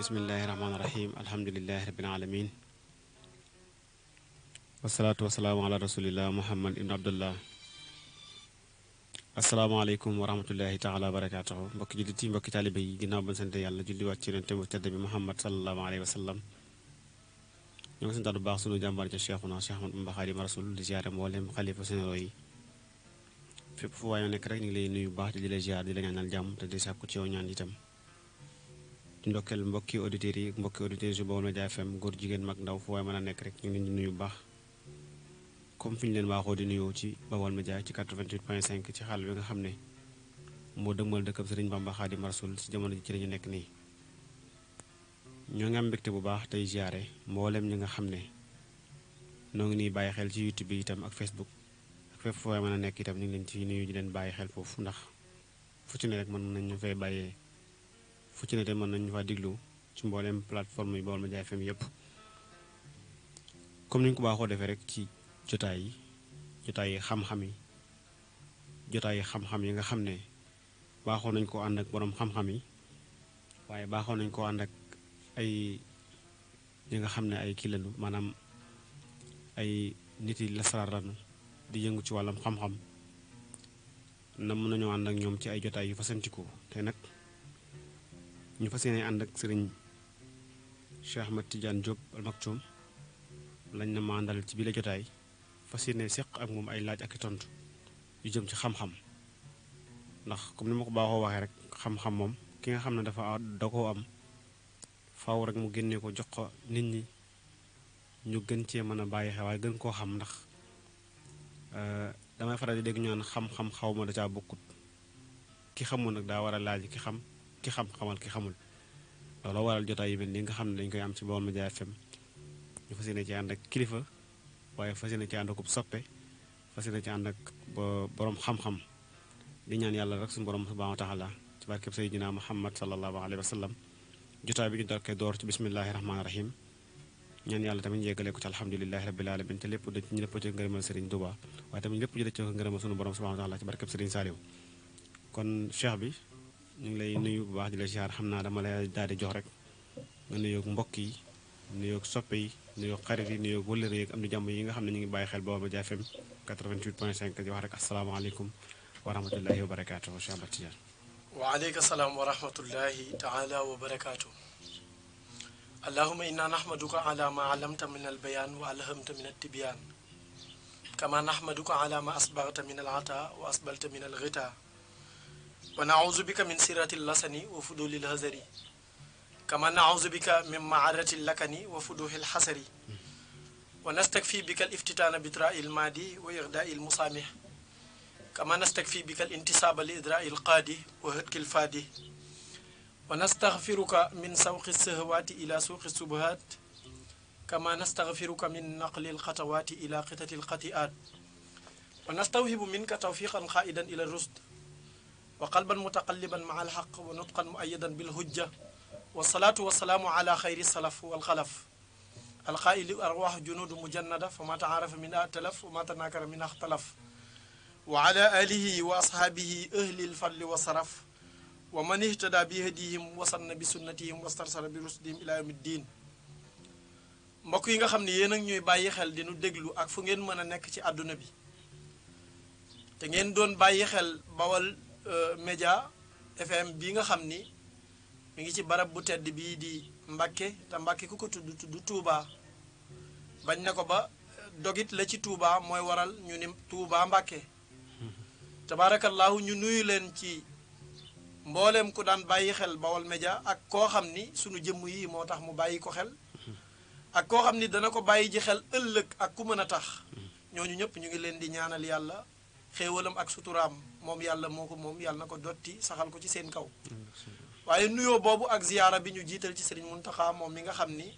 بسم الله الرحمن الرحيم الحمد لله رب العالمين والصلاة والسلام على رسول الله محمد بن عبد الله السلام عليكم ورحمة الله تعالى وبركاته بك جدتي بك طالبي جناب الله يالله جلي واتي نتي مرتد محمد صلى الله عليه وسلم نيو سنت دو باخ سونو جامبار تي شيخنا شيخ محمد بن بخاري مرسول دي زياره مولم خليفه سن روي fep fu wayo nek rek ñu lay nuyu baax di lay ziar di la ñaanal jamm te di sàkku ci yow ñaan itam di ndokkel mbokki auditeur yi mbokki auditeur yu Baol ja FM gor jigen mak ndaw fu way mëna nek rek ñu ngi di nuyu baax comme fiñ leen waxo di nuyu ci ma ja ci 88.5 ci xal bi nga xamne mo deumal dëgmal dëkkab Bamba khadi marsoul ci jamono ci lañu nek ni ñu ngi mbekté bu baax tay ziaré mboolem ñi nga xam ne ngi xel ci YouTube itam ak Facebook fépp foo mën a nekk itam ñu ngi leen ci nuyu di leen bàyyi xel foofu ndax fu ci ne rek mën nañu fay bàyyee fu ci ne te mën nañu faa diglu ci mbooleem plateforme yi Baol Médias FM yëpp comme ni ko baaxoo defee rek ci jotaay yi jotaay yi xam-xam yi jotaay yi xam yi nga xam ne baaxoo nañ koo ànd ak boroom xam-xam yi waaye baaxoo nañ koo ànd ak ay ñi nga xam ne ay kii lañu maanaam ay nit yi la lasaraar lañu di yëngu ci wàllam xam-xam na mën nañoo ànd ak ñoom ci ay jotaay yu fasantikoo te nag ñu fa yéene ànd ak sëriñ Cheikh ma Tidiane Diop Al Maktoum lañ na maandal ci biir jotaay fas yéene seq ak moom ay laaj ak i tontu yu jëm ci xam-xam ndax comme ni ma ko baaxoo waxee rek xam-xam moom ki nga xam ne dafa da am faaw rek mu génnee ko jox ko nit ñi ñu gën cee mën a bàyyi xel gën koo xam ndax. Euh, damay faral di dégg ñu naan xam-xam xaw ma da caa bokkut ki xamul nag daa waral a laaj ki xam ki xam xamal ki xamul looloo waral jotaay yu mel nii nga xam ne dañ koy am ci Baol Médias FM ñu fas yéene ci ànd ak kilifa waaye fas yéene ci ànd akub soppe ci ànd ak borom xam-xam di ñaan yàlla rek suñu borom subhanahu wa taala ci barkeb sayyidina Muhammad sallallahu alayhi wa sallam jotaay bi ñu dokkee door ci bismillahi rahmaani rahim ñaan yàlla tamit yeggale ko ci alhamdulilahi rabbil alamin te lépp da ñu lépp ci ngërëmal sëriñ duba waaye tamit lépp jëlee ci ngërëmal sunu borom subhanahu wa taala ci barkeb sëriñ Saliou kon cheikh bi ñu ngi lay nuyu bu baax di la ziar xam naa dama lay daal di jox rek nga nuyoog mbokk yi nuyoog soppe yi nuyoog xarit yi nuyoog wëllëre yeeg am di jàmm yi nga xam ne ñu ngi bàyyi xel Baol Médias FM 88 point 5 di wax rek asalaamaaleykum wa rahmatullahi wa barakatuh cheikh Ahmad Tidiane wa aleyka salaam wa rahmatullahi taala wa barakatuh. اللهم إنا نحمدك على ما علمت من البيان وألهمت من التبيان كما نحمدك على ما أصبغت من العطاء وأسبلت من الغطاء ونعوذ بك من سيرة اللسن وفضول الهزر كما نعوذ بك من معرة اللكن وفضوح الحسر ونستكفي بك الافتتان بإدراء المادي وإغداء المسامح كما نستكفي بك الانتصاب لإدراء القادي وهدك الفادي ونستغفرك من سوق السهوات إلى سوق السبهات كما نستغفرك من نقل الخطوات إلى قطة القتئات ونستوهب منك توفيقا قائدا إلى الرشد وقلبا متقلبا مع الحق ونطقا مؤيدا بالهجة والصلاة والسلام على خير السلف والخلف القائل أرواح جنود مجندة فما تعرف من أتلف وما تناكر من اختلف وعلى آله وأصحابه أهل الفضل والصرف wa man ihtada bi hadihim wasanna bi sunnatihim wastarsara bi rusdihim ila yawmi diin mbokk yi nga xam ne yéen ak ñuy bàyyi xel dinu déglu ak fu ngeen mën a nekk ci àdduna bi te ngeen doon bàyyi xel bawal euh, média fm bi nga xam ni mu ngi ci barab bu tedd bii di Mbàkke te Mbàkke ku ko tudd tudd tuubaa bañ na ko ba dogit la ci tuubaa mooy waral ñu ni Touba Mbàkke tabaarakallaahu ñu nuyu leen ci mboolem ku dan bayyi xel bawol media ak ko xamni ni sunu yi motax mu bayyi ko xel ak ko xamni dana ko bayyi ji xel ëlëk ak ku mëna tax ñoñu ñëpp ñu ngi leen di ñaanal yalla xéewalam ak suturam mom yalla moko ko yalla nako ko dotti saxal ko ci seen kaw waye nuyo bobu ak ziyara bi ñu jiital ci Serigne muntaha mom mi nga xamni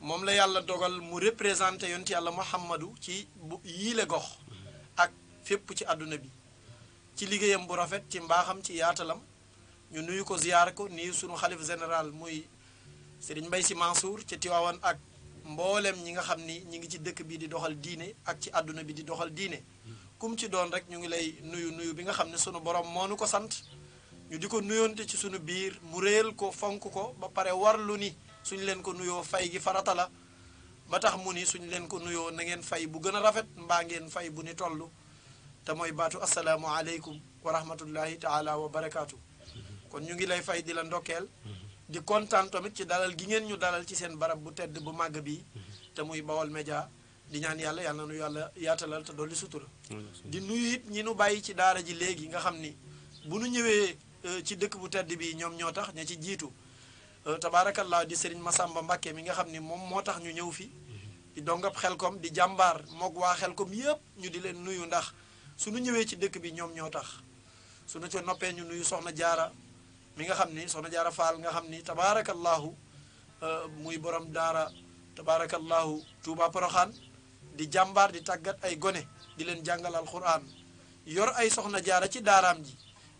mom la yalla dogal mu représenté yonti yalla Muhammadu ci bu yiile gox ak fepp ci aduna bi ci liggéeyam bu rafet ci mbaxam ci yaatalam ñu nuyu ko ziyaar ko nii sunu xalif général muy Serigne Mbaye Sy Mansour ca Tiwaawan ak mboolem ñi nga xam ni ñi ngi ci dëkk bi di doxal diine ak ci àdduna bi di doxal diine kum ci doon rek ñu ngi lay nuyu nuyu bi nga xam ne sunu borom moo nu ko sant ñu di ko nuyoonte ci sunu biir mu réel ko fonk ko ba pare warlu ni suñ leen ko nuyoo fay gi farata la ba tax mu ni suñ leen ko nuyoo na ngeen fay bu gën a rafet mbaa ngeen fay bu ni toll te mooy baatu asalaamualeykum wa rahmatullahi taala wa barakaatu. kon ñu ngi lay fay di la ndokkeel di kontaan tamit ci dalal gi ngeen ñu dalal ci seen barab bu tedd bu màgg bi te muy bawal média di ñaan yàlla yàlla nu yàlla yaatalal te dolli sutura di nuyu it ñi nu bàyyi ci daara ji léegi nga xam ni bu nu ñëwee euh, ci dëkk bu tedd bi ñoom ñoo tax ña ci jiitu euh, tabarakallah di sëriñ masamba mbàkke mi nga xam ni moom moo tax ñu ñëw fi di dongab xelkom di jambar moog waa xelkom yépp ñu di leen nuyu ndax suñu ñëwee ci dëkk bi ñoom ñoo tax suñu ci noppee ñu nuyu soxna jaara mi nga xam ni soxna jaara faal nga xam ni tabaarakallahu euh, muy borom daara tabaarakallahu tuuba poroxaan di jàmbaar di tàggat ay gone di leen jàngal alquran yor ay soxna jaara ci daaraam ji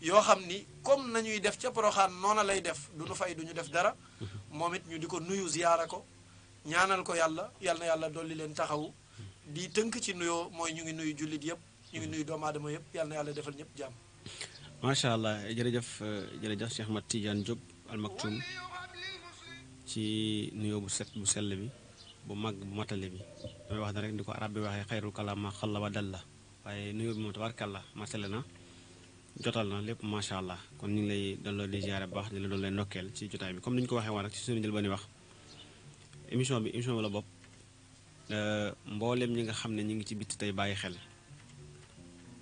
yoo xam ni comme nañuy def ca poroxaan noona lay def du nu fay du ñu def dara mm-hmm. moom it ñu di ko nuyu ziyaara ko ñaanal ko yàlla yal na yàlla dolli leen taxawu di tënk ci nuyoo mooy ñu ngi nuyu jullit yëpp ñu ngi mm-hmm. nuyu doomu aadama yëpp yàlla na yàlla defal ñëpp jàmm ما شاء الله جرجف جرجف شيخ احمد تيجان جوب المكتوم تي نيو بو سيت بو سيل بي بو ماغ بو ماتالي بي داي واخ عربي واخ خير الكلام ما خلا با دال نيو بي الله ما سلنا جوتالنا ليب ما شاء الله كون ني لاي دالو لي زيار باخ دي نوكل تي جوتاي بي كوم نين كو واخي وان رك تي سوني جلباني واخ ايميشن بي بوب euh mbollem ñinga xamne ñingi ci bitti tay baye xel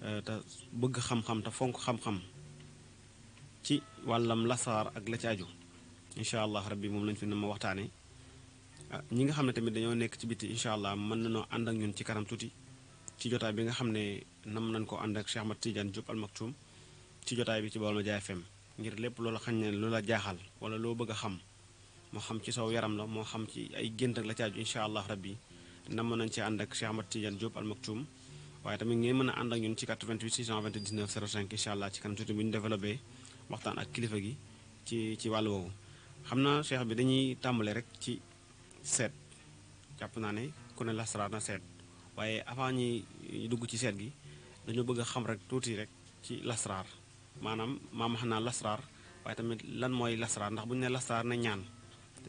Euh, te bëgg xam-xam te fonk xam-xam ci wàllam lasaar ak la ci aju incha allah rabbi moom lañ fi ne ma waxtaane ah, ñi nga xam ne tamit dañoo nekk ci biti incha allah mën na ànd ak ñun ci kanam tuuti ci jotaay bi nga xam ne nam nañ ko ànd ak Cheikh Ahmad Tidiane Diop Al ci jotaay bi ci Baol Medias FM ngir lépp loola xañ ne loola jaaxal wala loo bëgg xam moo xam ci saw yaram la moo xam ci ay gént ak la ci aju incha allah rabbi nam nañ ci ànd ak Cheikh Ahmad Tidiane Diop Al Maktoum waaye tamit ngeen mën a ànd ak ñun ci 88 629 05 incha allah ci kanam surtout bu ñu développé waxtaan ak kilifa gi ci ci wàll woowu. xam naa cheikh bi dañuy tàmbale rek ci seet jàpp naa ne ku ne lasaraar na seet waaye avant ñi dugg ci seet gi dañoo bëgg a xam rek tuuti rek ci lasaraar maanaam maam xam naa lasaraar waaye tamit lan mooy lasaraar ndax bu ñu ne lasaraar ne ñaan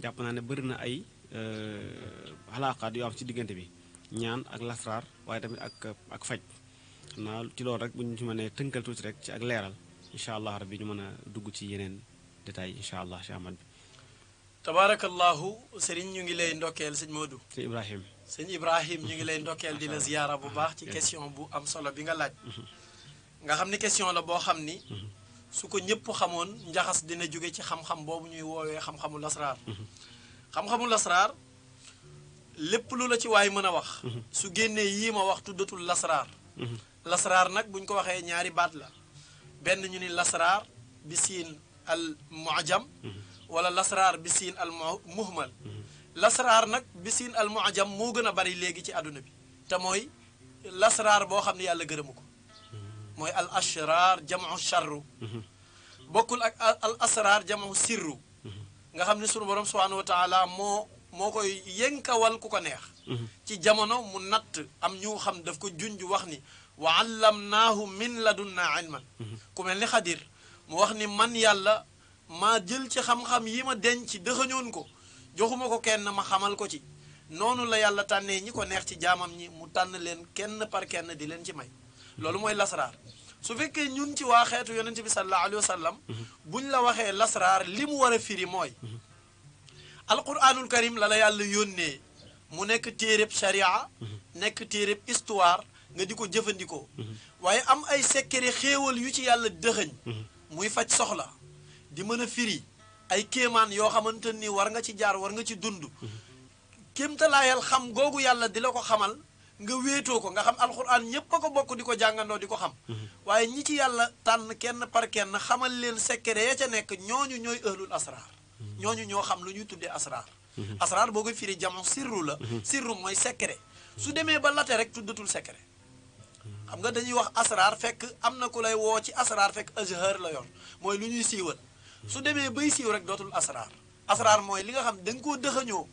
jàpp naa ne bari na ay euh, xalaaqaat yu am ci diggante bi. ñaan ak lasraar waaye tamit ak ak faj xam ci lool rek bu ñu ci mënee tënkal tuuti rek ci ak leeral incha allah rabbi ñu mën a dugg ci yeneen détails incha allah si amat bi tabaarakallaahu sëriñ ñu ngi lay ndokkeel sëñ Modou sëñ Ibrahim sëñ Ibrahim ñu ngi lay ndokkeel di la ziyaara bu baax ci question bu am solo bi nga laaj mm-hmm. nga xam ni question la boo xam ni mm-hmm. su ko ñëpp xamoon njaxas dina jóge ci xam-xam boobu ñuy woowee xam-xamu lasraar mm-hmm. xam-xamu lasraar lépp lu la ci waay mën a wax mhm. su génnee yii ma wax tuddatul lasraar mhm. lasraar nag buñ ko waxee ñaari baat la benn ñu ni lasraar bi siin al muajam mhm. wala lasraar bisiin siin al muhmal lasraar nag bi siin al moo gën a bari léegi ci àdduna bi te mooy lasraar boo xam ne yàlla gërëmu ko mooy al ashraar jamu charru bokkul ak al asraar jamu sirru nga xam ne sunu borom subhanahu wa taala moo moo koy yënkawal ku ko neex mhm. ci jamono mu natt am ñu xam daf ko junj wax ni wa allamnaahu min la ladunna ilman mhm. ku mel ni xadir mu wax ni man yàlla ma jël ci xam-xam yi ma denc dëxañoon ko joxuma ko kenn ma xamal ko ci noonu la yàlla tànnee ñi ko neex ci jaamam ñi mu tànn leen kenn par kenn di leen ci may loolu mooy lasraar su fekkee ñun ci waa xeetu yonente bi sallallahu alayhi wa sallam mhm. buñ la waxee lasraar li mu war a firi mooy alquranul karim la la yàlla yónnee mu nekk téereb sharia mhm. nekk téereb histoire nga di ko jëfandikoo mhm. waaye am ay sekkere xéewal yu ci yàlla dëxëñ mhm. muy faj soxla di mën a firi ay kéemaan yoo xamante ni war nga ci jaar war nga ci dund kéemtalaayal xam googu yàlla di la ko xamal nga wéetoo ko nga xam alxuraan ñépp a ko bokk di ko jàngandoo di ko xam waaye ñi ci yàlla tànn kenn par kenn xamal leen sekkere ya ca nekk ñooñu ñooy ëhlul asraar ñooñu ñoo xam lu ñuy tuddee asraar mhm. asraar boo koy firi jamono sirru la mhm. sirru mooy sekkere su demee ba late rek tuddatul secret xam nga dañuy wax asraar fekk am na ku lay woo ci asraar fekk azhar la yoon mooy lu ñuy siiwal mhm. su demee bay siiw rek dootul asraar asraar mooy li nga xam da nga koo dëxañoo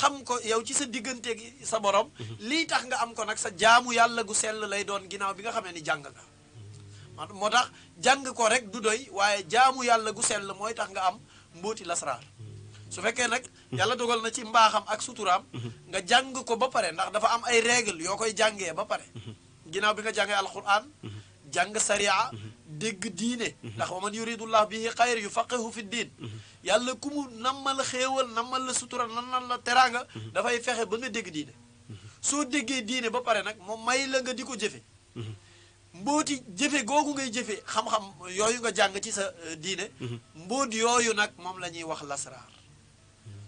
xam ko yow ci sa diggante gi sa borom lii tax nga am ko nag sa jaamu yàlla gu sell lay doon ginnaaw bi nga xamee ni jàng nga moo tax jàng ko rek du doy waaye jaamu yàlla gu sell mooy tax nga am mbóoti lasraar su fekkee nag yàlla dogal na ci mbaaxam ak suturaam nga jàng ko ba pare ndax dafa am ay règle yoo koy jàngee ba pare ginnaaw bi nga jàngee alquran jàng sariya dégg diine ndax wa man yuridullah bihi xayr yu faqihu fi diin yàlla ku mu nammal xéewal nammal la sutura nammal la teraanga dafay fexe ba nga dégg diine soo déggee diine ba pare nag moom may la nga di ko jëfe mbooti jëfe googu ngay jëfe xam-xam yooyu nga jàng ci sa euh, diine mhm. mbóot yooyu nag moom la ñuy wax lasraar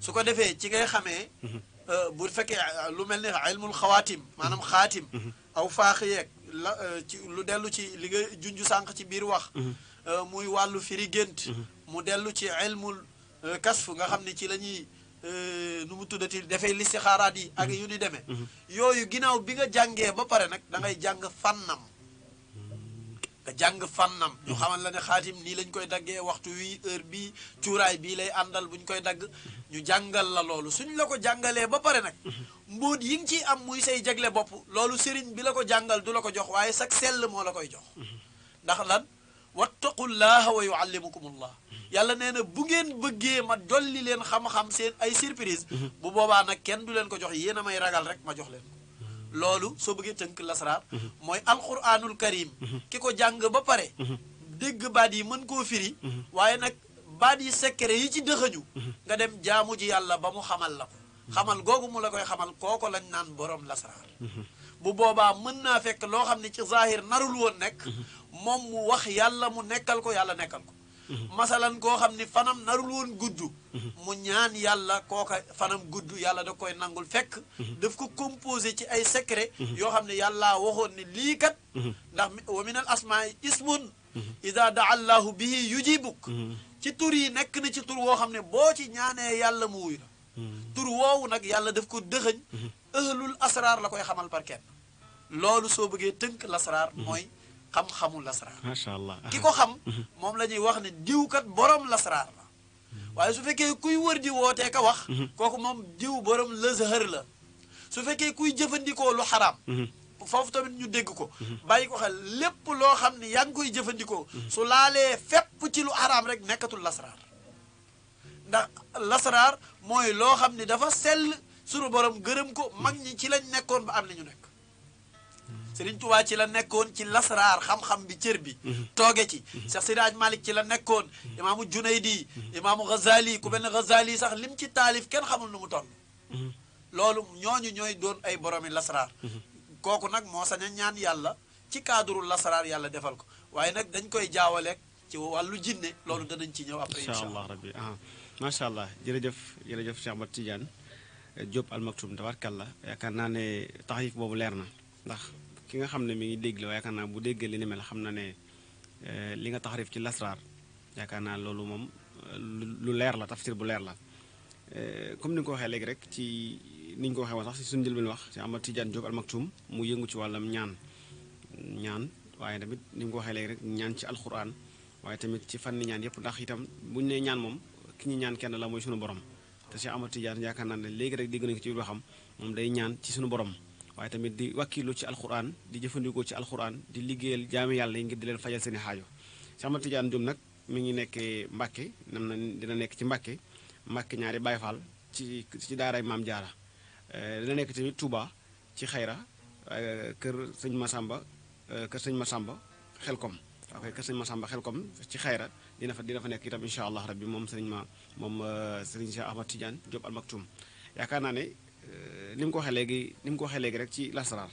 su ko defee ci ngay xamee mhm. euh, bu fekkee euh, lu mel ni ilmul xawaatim mhm. xaatim aw faax yeeg la ci lu dellu ci li nga junj sànq ci biir wax muy wàllu firi gént mu dellu ci ilmul kasf nga xam ne ci la ñuy nu mu tuddati dafay listixaaraat yi ak yu ni demee yooyu ginnaaw bi nga jàngee ba pare nag da ngay jàng fànnam nga jàng fannam ñu mhm. xamal la ne xaatim nii lañ koy daggee waxtu wi heure bii cuuraay bii lay àndal buñ koy dagg ñu jàngal la loolu suñu la ko jàngalee ba pare nag mhm. mbóot yi nga ciy am muy say jagle bopp loolu sëriñ bi la ko jàngal du la ko jox waaye sag sell moo la koy jox mhm. ndax lan wattaqullaha wa yuallimukumullah yàlla nee na bu ngeen bëggee ma dolli leen xam-xam seen ay surprise bu boobaa nag kenn du leen ko jox yéen a may ragal rek ma jox leen loolu soo bëggee tënk lasraar mooy alquranul karim ki ko jàng ba pare dégg baat yi mën koo firi waaye nag baat yi secret yi ci dëxëñu nga dem jaamu ji yàlla ba mu xamal la ko xamal googu mu la koy xamal kooko lañ naan borom lasraar bu boobaa mën naa fekk loo xam ne ci zahir narul woon nekk moom mu wax yàlla mu nekkal ko yàlla nekkal ko masalan koo xam ni fanam narul woon gudd mu ñaan yàlla kooka fanam gudd yàlla da koy nangul fekk def ko composé ci ay secret yoo xam ne yàlla waxoon ne lii kat ndax wa min al asmaai ismun ida daa allahu bihi yujibuk ci tur yi nekk na ci tur woo xam ne boo ci ñaanee yàlla mu wuyu la tur woowu nag yàlla def ko dëxëñ ëhlul asraar la koy xamal par loolu soo bëggee tënk lasraar mooy xam-xamu lasraar macha allah ki ko xam moom lañuy wax ne diwkat boroom lasraar la waaye su fekkee kuy wër di wootee ka wax kooku moom diw borom lëzhër la su fekkee kuy jëfandikoo lu xaraam foofu tamit ñu dégg ko bàyyi ko xel lépp loo xam ne yaa ngi koy jëfandikoo su laalee fépp ci lu xaraam rek nekkatul lasraar ndax lasraar mooy loo xam ne dafa sell sunu borom gërëm ko mag ñi ci lañ nekkoon ba am na ñu nekk Serigne Touba ci la nekkoon ci lasraar xam-xam bi cër bi mhm. tooge ci mhm. Cheikh Siraaj Malik ci la nekkoon mhm. imaamu Junaydi imaamu Ghazali ku benn Ghazali sax lim ci taalif kenn xamul nu mu toll loolu ñooñu ñooy doon ay boromi lasraar kooku nag moo sañ ñaan yàlla ci cadre lasraar yàlla defal ko waaye nag dañ koy jaawaleek ci wàllu jinne loolu danañ ci ñëw après incha allah rabbi ah macha allah jërëjëf jërëjëf Cheikh Ahmad Tidiane Diop Al Maktoum tabarkalla yaakaar naa ne taxrif boobu leer na ki nga xam ne mi ngi déglu yaakaar naa bu déggee li ni mel xam na ne eh, li nga taxarif ci lasraar yaakaar naa mom moom lu leer la tafsir bu leer la eh, comme ni nga ko waxee léegi rek ci ni ñu ko waxee woon sax si suñu nyan wax si Amad Tidiane Diop al Maktoum mu yëngu ci wàllam ñaan ñaan waaye tamit ni nga ko waxee léegi rek ñaan ci alquran waaye tamit ci fànni ñaan yëpp ndax itam ñu ne ñaan moom ki ñu ñaan kenn la mooy sunu borom te si Amad Tidiane yaakaar naa ne léegi rek dégg nañ ko ci waxam moom day ñaan ci sunu borom waaye tamit di wakkilu ci alquran di jëfandikoo ci alquran di liggéeyal jaami yàlla yi ngir di leen fajal seeni xaajo Cheikh amadou Tidiane Diop nag mi ngi nekkee Mbàkke nam na dina nekk ci Mbàkke Mbàkke ñaari Baye Fall ci ci daaray Maam Jaara eh, dina nekk tamit Touba ci Xayra eh, kër sëñ Masamba eh, kër sëñ Masamba xelkom waaw kër sëñ Masamba xelkom ci Xayra dina fa dina fa nekk itam incha allah rabbi moom sëriñ ma moom sëriñ Cheikh amadou Tidiane Diop Al Maktoum yaakaar naa ne Euh, ni mu ko waxee léegi ni mu ko waxee léegi rek ci lasaraar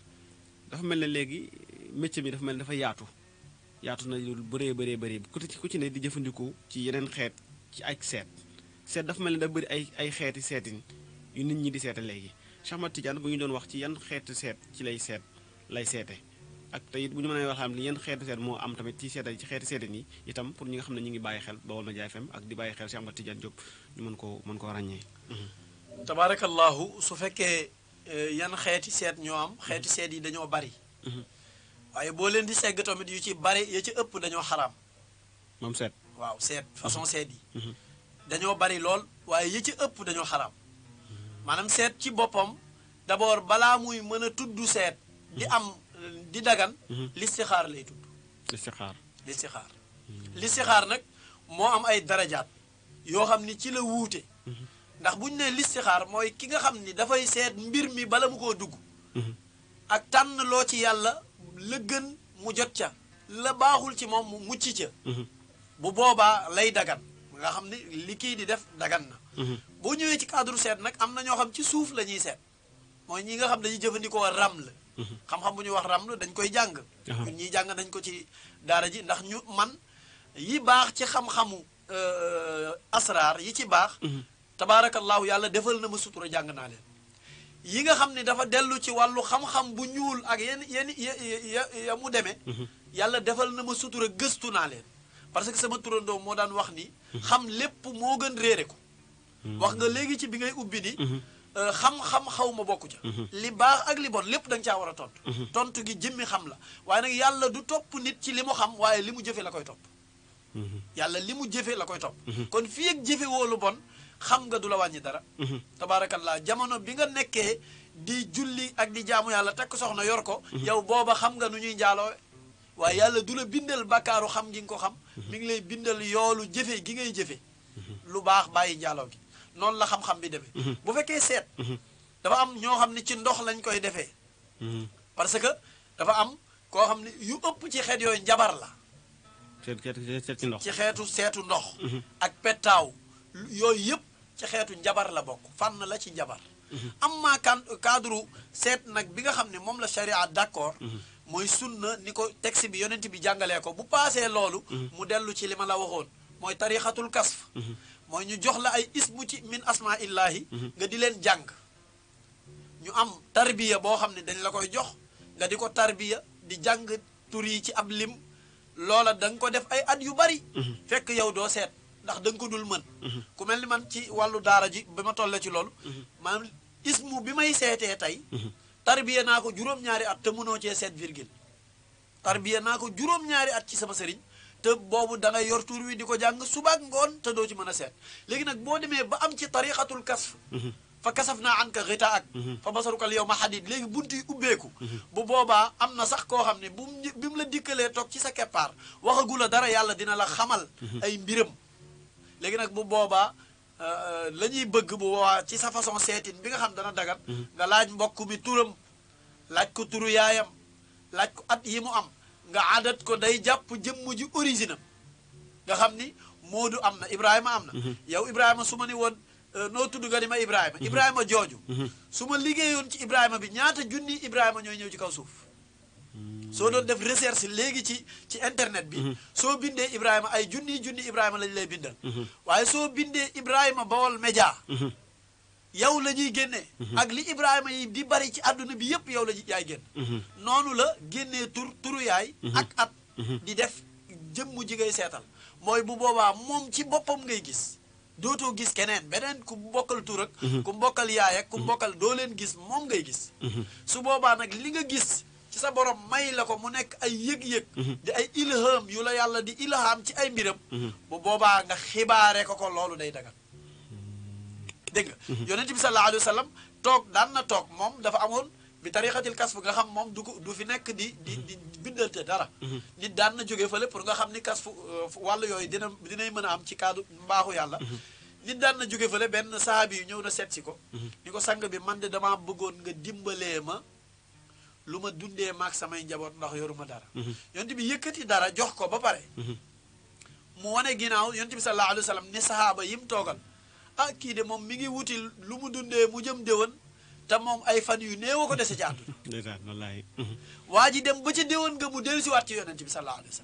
dafa mel ne léegi métier mi dafa mel ne dafa yaatu yaatu na lu bëree bëree bëri ku ci ku ci ne di jëfandikoo ci yeneen xeet ci ay seet seet dafa mel ne da bëri ay ay xeeti seetin yu nit ñi di seete léegi Cheikh Ahmad Tidiane bu ñu doon wax ci yan xeetu seet ci lay seet lay seete ak tey bu ñu mënee wax am ne yan xeetu seet moo am tamit ci seeta ci xeeti seetin yi itam pour ñi nga xam ne ñu ngi bàyyi xel Baolmedias FM ak di bàyyi xel Cheikh Ahmad Tidiane Diop mën ko mën koo ràññee tabaarakallaahu su fekkee eh, yan xeeti seet ñoo am xeeti seet yi dañoo bari mhm. waaye boo leen di segg tamit yu ci bari ya ci ëpp dañoo xaraam moom seet waaw seet façon mhm. seet yi mhm. bari lool waaye ya ci ëpp dañoo xaraam maanaam seet ci boppam d'abord balaa muy mën a tudd seet di am di dagan listixaar lay tudd listixaar listixaar listixaar nag moo am ay darajaat yoo xam ni ci la wuute ndax bu ñu nee xaar mooy ki nga xam ni dafay seet mbir mi bala mu koo dugg ak tànn loo ci yàlla la gën mu jot ca la baaxul ci moom mu mucc ca bu boobaa lay dagan nga xam ni li kii di def dagan na boo ñëwee ci cadre seet nag am na ñoo xam ci suuf la ñuy seet mooy ñi nga xam dañuy jëfandikoo ram la xam-xam bu ñuy wax ram la dañ koy jàng ñun ñiy jàng nañ ko ci daara ji ndax ñu man yi baax ci xam-xamu euh, asraar yi ci baax tabaarakallaahu yàlla defal na ma sutura jàng naa leen yi nga xam ne dafa dellu ci wàllu xam-xam bu ñuul ak yenn yenn ya mu demee mhm. yàlla defal na ma sutura gëstu naa leen parce que sama turandoo moo daan wax ni mhm. xam lépp moo gën réere ko mhm. wax nga léegi ci bi ngay ubbi ni euh, xam-xam xaw ma bokku ca li baax ak li bon lépp da nga caa war a tontu tontu gi jëmmi xam la waaye nag yàlla du topp nit ci li mu xam waaye li mu jëfe la koy topp yàlla li mu jëfe la koy topp bon xam nga du la wàññi dara. Mm-hmm. tabaarakallaa jamono bi nga nekkee di julli ak di jaamu yàlla takk soxna yor ko. Mm-hmm. yow booba xam nga nu ñuy njaaloo waaye yàlla du la bindal bakkaaru xam gi ko xam. Mm-hmm. mi ngi lay bindal yoolu jëfe gi ngay jëfe lu baax bàyyi njaaloo gi noonu la xam-xam bi demee. bu fekkee seet. dafa am ñoo xam ne ci ndox lañ koy defee. parce que dafa am koo xam ne yu ëpp ci xeet yooyu njabar la. ci xeetu seetu ndox. ak pettaaw. yooyu yëpp ci xeetu njabar la bokk fànn la ci njabar mhm. am maa kan seet nag bi nga xam ne moom la sharia d'accord mhm. mooy na ni ko texte bi yonent bi jàngalee ko bu paasee loolu mhm. mu dellu ci li ma la waxoon mooy tarixatul kasf mooy ñu jox la ay isbu ci min asmaa illaahi nga di leen jàng ñu am tarbiya boo xam ne dañ la koy jox nga di ko tarbiya di jàng tur yi ci ab lim loola danga ko def ay at yu bari fekk yow doo seet ndax da nga dul mën mhm. ku mel ni man ci wàllu daara ji bi ma tolle ci loolu mhm. maanaam ismu bi may seetee tey mhm. tarbiya naa ko juróom-ñaari at te mënoo cee seet virgule tarbiya naa ko juróom-ñaari at ci sama sëriñ te boobu da yor tur wi di ko jàng subaak ngoon te doo ci mën a seet léegi nag boo demee ba am ci tariqatul kasf fa kasaf naa an ka xita ak fa basarukal yow ma xadid léegi bunt yi ubbeeku bu boobaa am na sax koo xam ne bu bi mu la dikkalee toog ci sa keppaar waxagula dara yàlla dina la xamal ay mbiram léegi nag bu boobaa euh, la ñuy bëgg bu boobaa ci sa façon seetin bi nga xam dana dagat mhm. nga laaj mbokk mi turam laaj ko turu yaayam laaj ko at yi mu am nga adat ko day jàpp jëmm ji origine am nga xam ni du am na Ibrahima am na mhm. yow Ibrahima su ma ni woon euh, noo tudd nga ni ma Ibrahima mhm. Ibrahima jooju su ma liggéeyoon ci Ibrahima bi ñaata junni Ibrahima ñooy ñëw ci kaw suuf soo doon def recherche léegi ci ci internet bi mhm. soo bindee Ibrahima ay junni junni Ibrahima lañ lay bindal mhm. waaye soo bindee Ibrahima Baol Média mhm. yow la ñuy génne ak li Ibrahima yi di bari ci àdduna bi yëpp yow la ñuy yaay génn noonu la génnee tur turu yaay ak at di def jëmm ji ngay seetal mooy bu boobaa moom ci boppam ngay gis dootoo gis keneen beneen ku mbokkal tur ak ku mbokkal yaay ak ku mbokkal doo leen gis moom ngay gis su boobaa nag li nga gis ci sa boroom may la ko mu nekk ay yëg-yëg mhm. di ay ilham yu la yàlla di ilham ci ay mbiram mhm. bu boobaa nga xibaare ko ko loolu day dagal dégg nga mhm. yonent bi sallallahu alayhi wa toog daan na toog moom dafa amoon bi kas kasf nga xam moom du ko du fi nekk di di di dara nit daan na jógee fële pour nga xam ni kas euh, fu wàll yooyu dina dinay mën a am ci kaddu mbaaxu yàlla nit daan na jóge fële benn saabi yu ñëw na seet si ko ni ko sang bi man de damaa bëggoon nga dimbalee ma lu ma dundee maak samay njaboot ndax yoruma dara mhm. yonent bi yëkkati dara jox ko ba pare mhm. mu wane ginnaaw yonent bi sallallahu alayhi wa sallam ne sahaaba yi mu toogal ah kii de moom mi ngi wuti lu mu dundee mu jëm déwén te moom ay fan yu néew ko dese ci àdduna wallaahi mhm. waa ji dem ba ca déwén nga mu dellu siwaat ci yonent bi sallallahu alayhi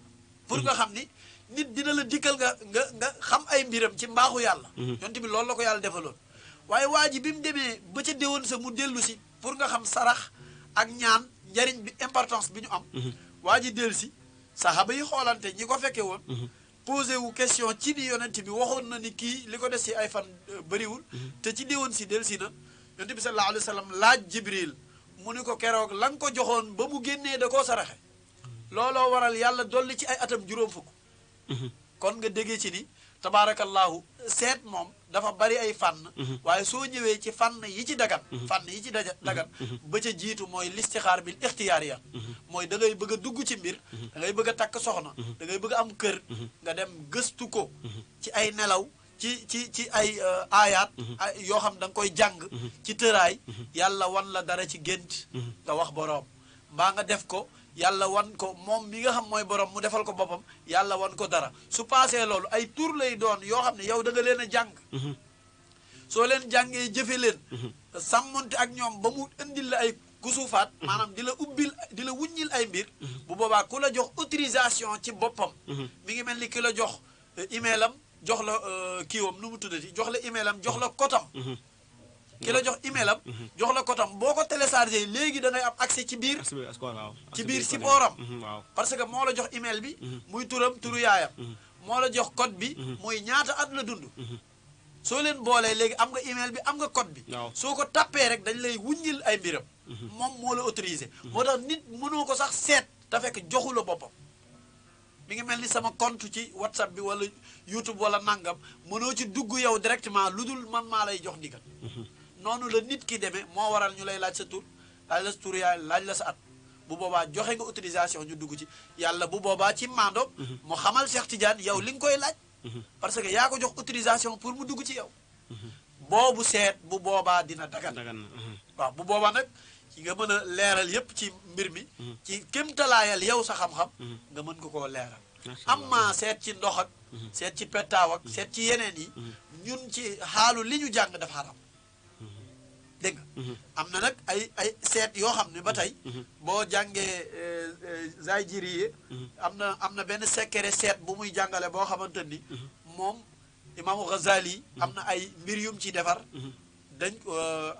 pour nga xam ni nit dina la dikkal nga nga nga xam ay mbiram ci mbaaxu yàlla yonent bi loolu la ko yàlla defaloon waaye waa ji bi mu demee ba ca déwén sa mu dellu si pour nga xam sarax ak ñaan njariñ bi importance bi ñu am mhm. waa ji del si ba yi xoolante ñi ko fekke woon mhm. posé wu question ci ni yonent bi waxoon na ni kii li ko des si ay fan euh, bëriwul mhm. te ci diwoon si del si na yonent bi sallallahu alayhi wa laaj jibril mu ni ko keroog la nga ko joxoon ba mu génnee da koo saraxe looloo waral yàlla dolli ci ay atam juróom fukk kon nga déggee ci ni tabaarakallaahu seet moom dafa bari ay fànn mhm. waaye soo ñëwee ci fànn yi ci dagan mhm. fànn yi ci daja mhm. dagan ba jiitu mooy listixaar bil ixtiyaariya mooy dangay ngay bëgg a dugg ci mbir da ngay bëgg a takk soxna dangay ngay bëgg am kër nga dem gëstu ko ci ay nelaw ci ci ci ay euh, aayaat yoo xam da nga koy jàng ci tëraay yàlla wan la dara ci gént nga wax boroom mbaa nga def ko yàlla wan ko moom mi nga xam mooy borom mu defal ko boppam yàlla wan ko dara su paasee loolu ay tur lay doon yoo xam ne yow da nga leen a jàng mhm. soo leen jàngee jëfe leen mhm. sàmmante ak ñoom ba mu indil la ay ku suufaat mhm. maanaam di la ubbil di la wuññil ay mbir bu boobaa ku la jox autorisation ci boppam mi ngi mel ni ki la jox euh, emailam jox la euh, kiiwam nu mu tuddati jox la emailam jox la kotam ki la email am mhm. jox la kotam boko ko téléchargé léegi da ngay am accès ci biir ci biir si boram. Mhm, parce que moo la email bi mhm. muy turam turu yaayam moo la jox bi muy ñaata at la dund so len boolee legi, am nga email bi am nga code bi so ko tappee rek dañ lay wuññil ay birom, mom molo la Moda nit mënoo ko sax seet ta fekk joxu la mi ngi melni sama compte ci whatsapp bi wala youtube wala nangam mëno ci dugg yow directement lu man mala lay jox digal noonu la nit ki demee moo waral ñu lay laaj sa tur laaj la sa tur yaay laaj la sa at bu boobaa joxe nga autorisation ñu dugg ci yàlla bu boobaa ci maando mhm. mu xamal Cheikh Tidiane yow li nga koy laaj mhm. parce que yaa ko jox autorisation pour mu dugg ci yow mhm. boobu seet bu boobaa dina dagan waaw bu boobaa nag ci nga mën a leeral yépp ci mbir mi ci kémtalaayal yow sa xam-xam nga mën ko koo leeral amma seet ci ndox ak seet ci pettaaw ak seet ci yeneen yi ñun ci xaalu li ñu jàng dafa xaram dégg nga mhm. am na nag ay ay seet yoo xam ne ba tey mhm. Mhm. boo jàngee eh, eh, zay jiri yi am na am na benn secret seet bu muy jàngale boo xamante ni moom imaamu Ghazali am na ay mbir yum ci defar dañ eh,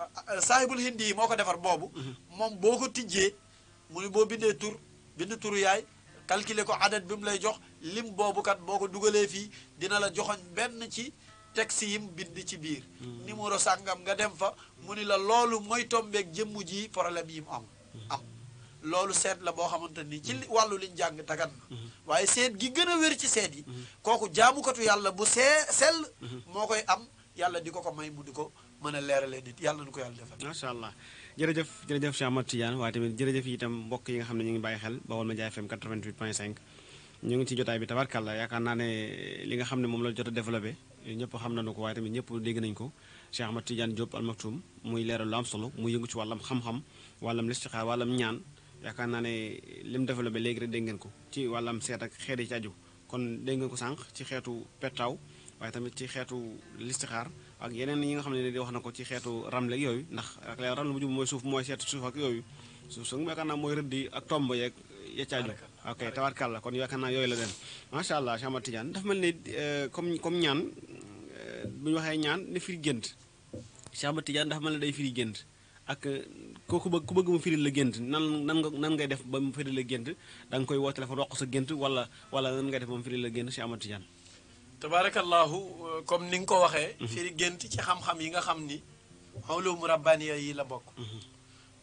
saahibul hindi yi moo ko defar boobu moom boo ko tijjee mu ni boo bindee tur bind turu yaay calculer ko adat bi mu lay jox lim boobu kat boo ko dugalee fii dina la joxoñ benn ci texte yi mu bind ci biir hmm. numéro sàngam nga dem fa mu ni la loolu mooy tombeeg jëmm ji problème yi mu am hmm. am loolu seet la boo xamante ni ci hmm. wàllu liñ jàng dagan na waaye seet gi gën a wér ci seet yi kooku jaamukatu yàlla bu see sell moo koy am yàlla di ko ko may mu di ko mën a leeralee nit yàlla na ko yàlla defal macha allah jërëjëf jërëjëf Cheikh Ahmad Tidiane waaye tamit jërëjëf itam mbokk yi nga xam ne ñu ngi bàyyi xel Baol Medias FM 88.5 ñu ngi ci jotaay bi tabarkàlla yaakaar naa ne li nga xam ne moom la jot a ñëpp xam nañu ko waaye tamit ñëpp dégg nañ ko Cheikh Ahmad Tidiane Diop Al Maktoum muy leeral lu am solo muy yëngu ci wàllam xam-xam wàllam listixaar wàllam ñaan yaakaar naa ne lim développé léegi rek dégg ko ci wàllam seet ak xeet yi ci aju kon dégg ngeen ko sànq ci xeetu pettaaw waaye tamit ci xeetu listixaar ak yeneen yi nga xam ne di wax na ko ci xeetu ramle yooyu ndax ak ramle bu jub mooy suuf mooy seet suuf ak yooyu suuf su yaakaar naa mooy rëdd ak tomb yeeg yeccaaju ok tawaarkàlla kon yaakaar naa yooyu la den macha allah buñ waxee ñaan ne firi gént Cheikh Ahmad Tidiane ndax mel la day firi gént ak kooku bëgg ku bëgg mu firi la gént nan nan nga nan ngay def ba mu firi la gént da nga koy woo téléphone wax sa gént wala wala nan ngay def ba mu firi la gént Cheikh amadou Tidiane tabarakallahu comme ni nga ko waxee mhm. firi gént ci xam-xam yi nga xam ni xawlumu rabbaniya yi la bokk mhm.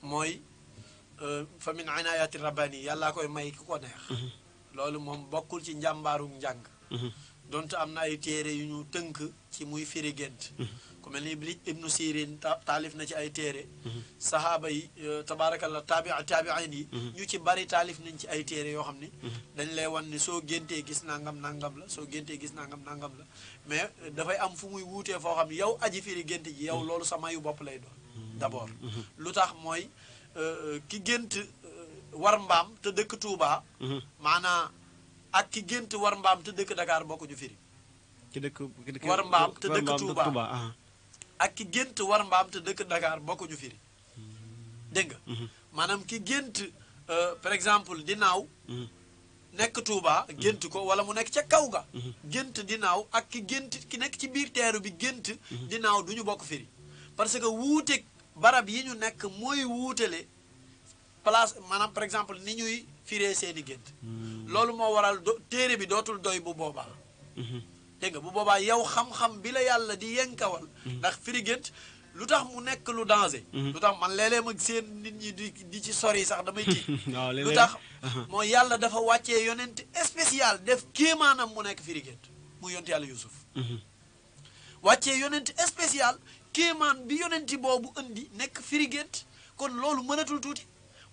mooy euh, fa min inayati rabbani yàlla koy may ku ko neex mhm. loolu moom bokkul ci njàmbaaru njàng donte am na ay téere yu ñu tënk ci muy firi gént mm-hmm. ku mel ni ibli ibnu sirin taalif na ci ay téere mm-hmm. saxaaba yi la euh, tabaarakallah taabia taabiin yi mm-hmm. ñu ci bari taalif nañ ci ay téere yoo xam ni dañ lay wan ni soo géntee gis nangam nangam la soo géntee gis nangam nangam la mais euh, dafay am fu muy wuutee foo xam yow aji firi gént ji yow loolu sama yu bopp lay doon d'abord lu tax mooy euh, ki gént war mbaam te dëkk Tuubaa maanaa ak ki gént war mbaam te dëkk Dakar bokkuñu firi. ki dëkk war mbaam te dëkk Touba ak ki gént war mbaam dëkk Dakar bokkuñu firi dégg nga. Mhm. maanaam ki gént euh, par exemple di naaw. Mhm. nekk Touba gént ko wala mu nekk ca kaw ga. Mhm. gént di naaw ak ki gént ki nekk ci biir teeru bi gént. di naaw du ñu bokk firi parce que wuuteeg barab yi ñu nekk mooy wuutale place maanaam par exemple ni ñuy. firee seeni gént hmm. loolu moo waral téere bi dootul doy bu boobaal hmm. dégg nga bu boobaa yow xam-xam bi la yàlla di yenkawal hmm. ndax firi lu tax mu nekk lu danger lu tax man léeg-léeg mag nit ñi di di ci sori sax damay tiit lu yàlla dafa wàccee yonent spécial def kéemaanam mu nekk firi gént mu yonent yàlla yusuf wàccee yonent spécial kéemaan bi yonenti boobu indi nekk firi gént kon loolu mënatul tuuti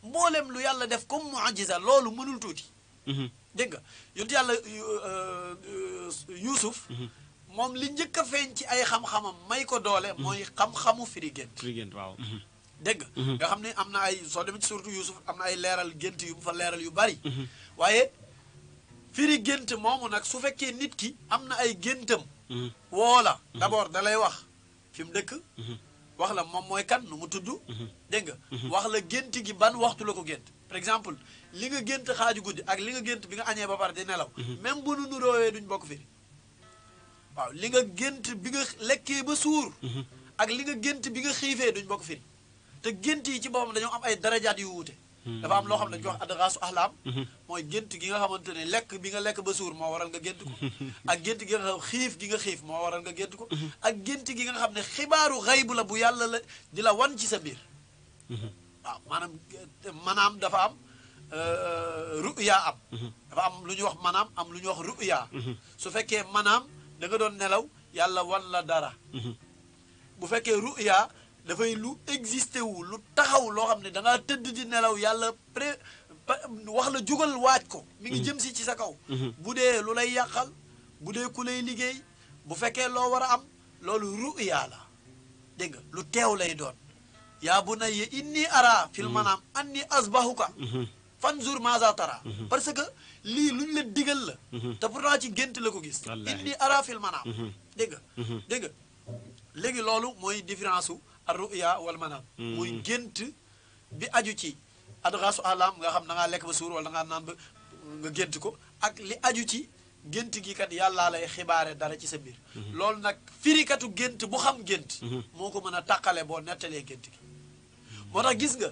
mboolem lu yàlla def comme mu'jiza loolu mënul tuuti. Mhm. dégg nga yonent yàlla euh, euh, Yuusuf. Mhm. moom li njëkk a feeñ ci ay xam-xamam may ko doole. Mhm. mooy xam-xamu firi gént. firi waaw. dégg nga xam ne am na ay soo demee ci surtout Yuusuf am na ay leeral gént yu fa leeral yu bari. waaye firi gént moomu nag su fekkee nit ki am na ay géntam. woo la d'abord da wax fi mu dëkk. wax la moom mooy kan nu mu tudd. Mhm. dégg nga. Mhm. wax la gént gi ban waxtu la ko gént. par exemple li nga gént xaaju guddi ak li nga gént bi nga añee ba pare di nelaw. Mhm. même bu nu nuroowee duñ bokk firi. waaw li nga gént bi nga lekkee ba suur. ak li nga gént bi nga xiifee duñ bokk firi. te gént yi ci boppam dañoo am ay darajaat yu wuute. Hmm. dafa am loo xam ne dañuy wax adrasu ahlaam hmm. mooy gént gi nga xamante ne lekk bi nga lekk ba suur moo waral nga gént ko hmm. ak gént gi nga xam gi nga xiif moo waral nga gént ko ak gént gi nga xam ne xibaaru xaybu la bu yàlla la di la wan ci sa biir waaw maanaam maanaam dafa am euh, euh, ruya am dafa am lu ñuy wax maanaam am lu ñuy wax ruya su fekkee maanaam danga doon nelaw yàlla wan la dara bu fekkee ruya dafay lu existé wu lu taxaw loo xam ne da tëdd di nelaw yàlla pré wax la jugal waaj ko. mi ngi mm-hmm. jëm si ci sa kaw. Mm-hmm. bu dee lu lay yàqal bu dee ku lay liggéey bu fekkee loo war a am loolu ru'ya yàlla dégg nga lu teew lay doon. yaa bu in bunayya inni ara fil mm-hmm. manaam anni asbahuka fanzur maza tara parce que lii luñ la digal la te pourtant ci gént la ko gis inni ara fil manaam dégg nga dégg léegi loolu mooy différence su ar-ru'ya wal manaam hmm. muy gént bi aju ci adrasu alam nga xam na ngaa lekk ba suur wala da ngaa naan ba nga gént ko ak li aju ci gént gi kat yàlla lay xibaare dara ci sa biir hmm. loolu nag firikatu gént bu xam gént hmm. moo ko mën a tàqale boo nettalee gént gi moo tax gis nga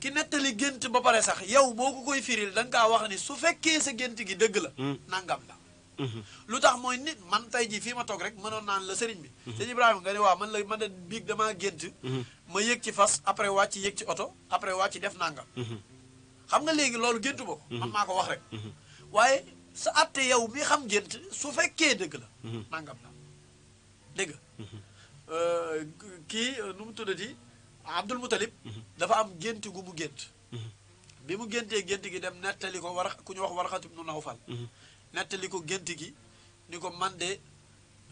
ki nettali gént ba pare sax yow boo ko koy firil da nga kaa wax ni su fekkee sa gént gi dëgg la nangam la Mm-hmm. lu tax mooy nit man tey jii fii ma toog rek mënoon naan la sëriñ bi mm-hmm. sëñ Ibrahima nga ne waa man la man a biig damaa gént mm-hmm. ma yéeg ci fas après wàcc yéeg ci oto après wàcc def nanga xam nga léegi loolu géntu boo ko man maa ko wax rek waaye sa àtte yow mi xam gént su fekkee dëgg la nangam la dëgg euh, kii nu mu tuddati Abdul Mutalib dafa am gént gu mu gént bi mu géntee gént gi dem nettali ko war ku ñu wax Warxatu ibnu Nawfal nettali ko gént gi ni ko man de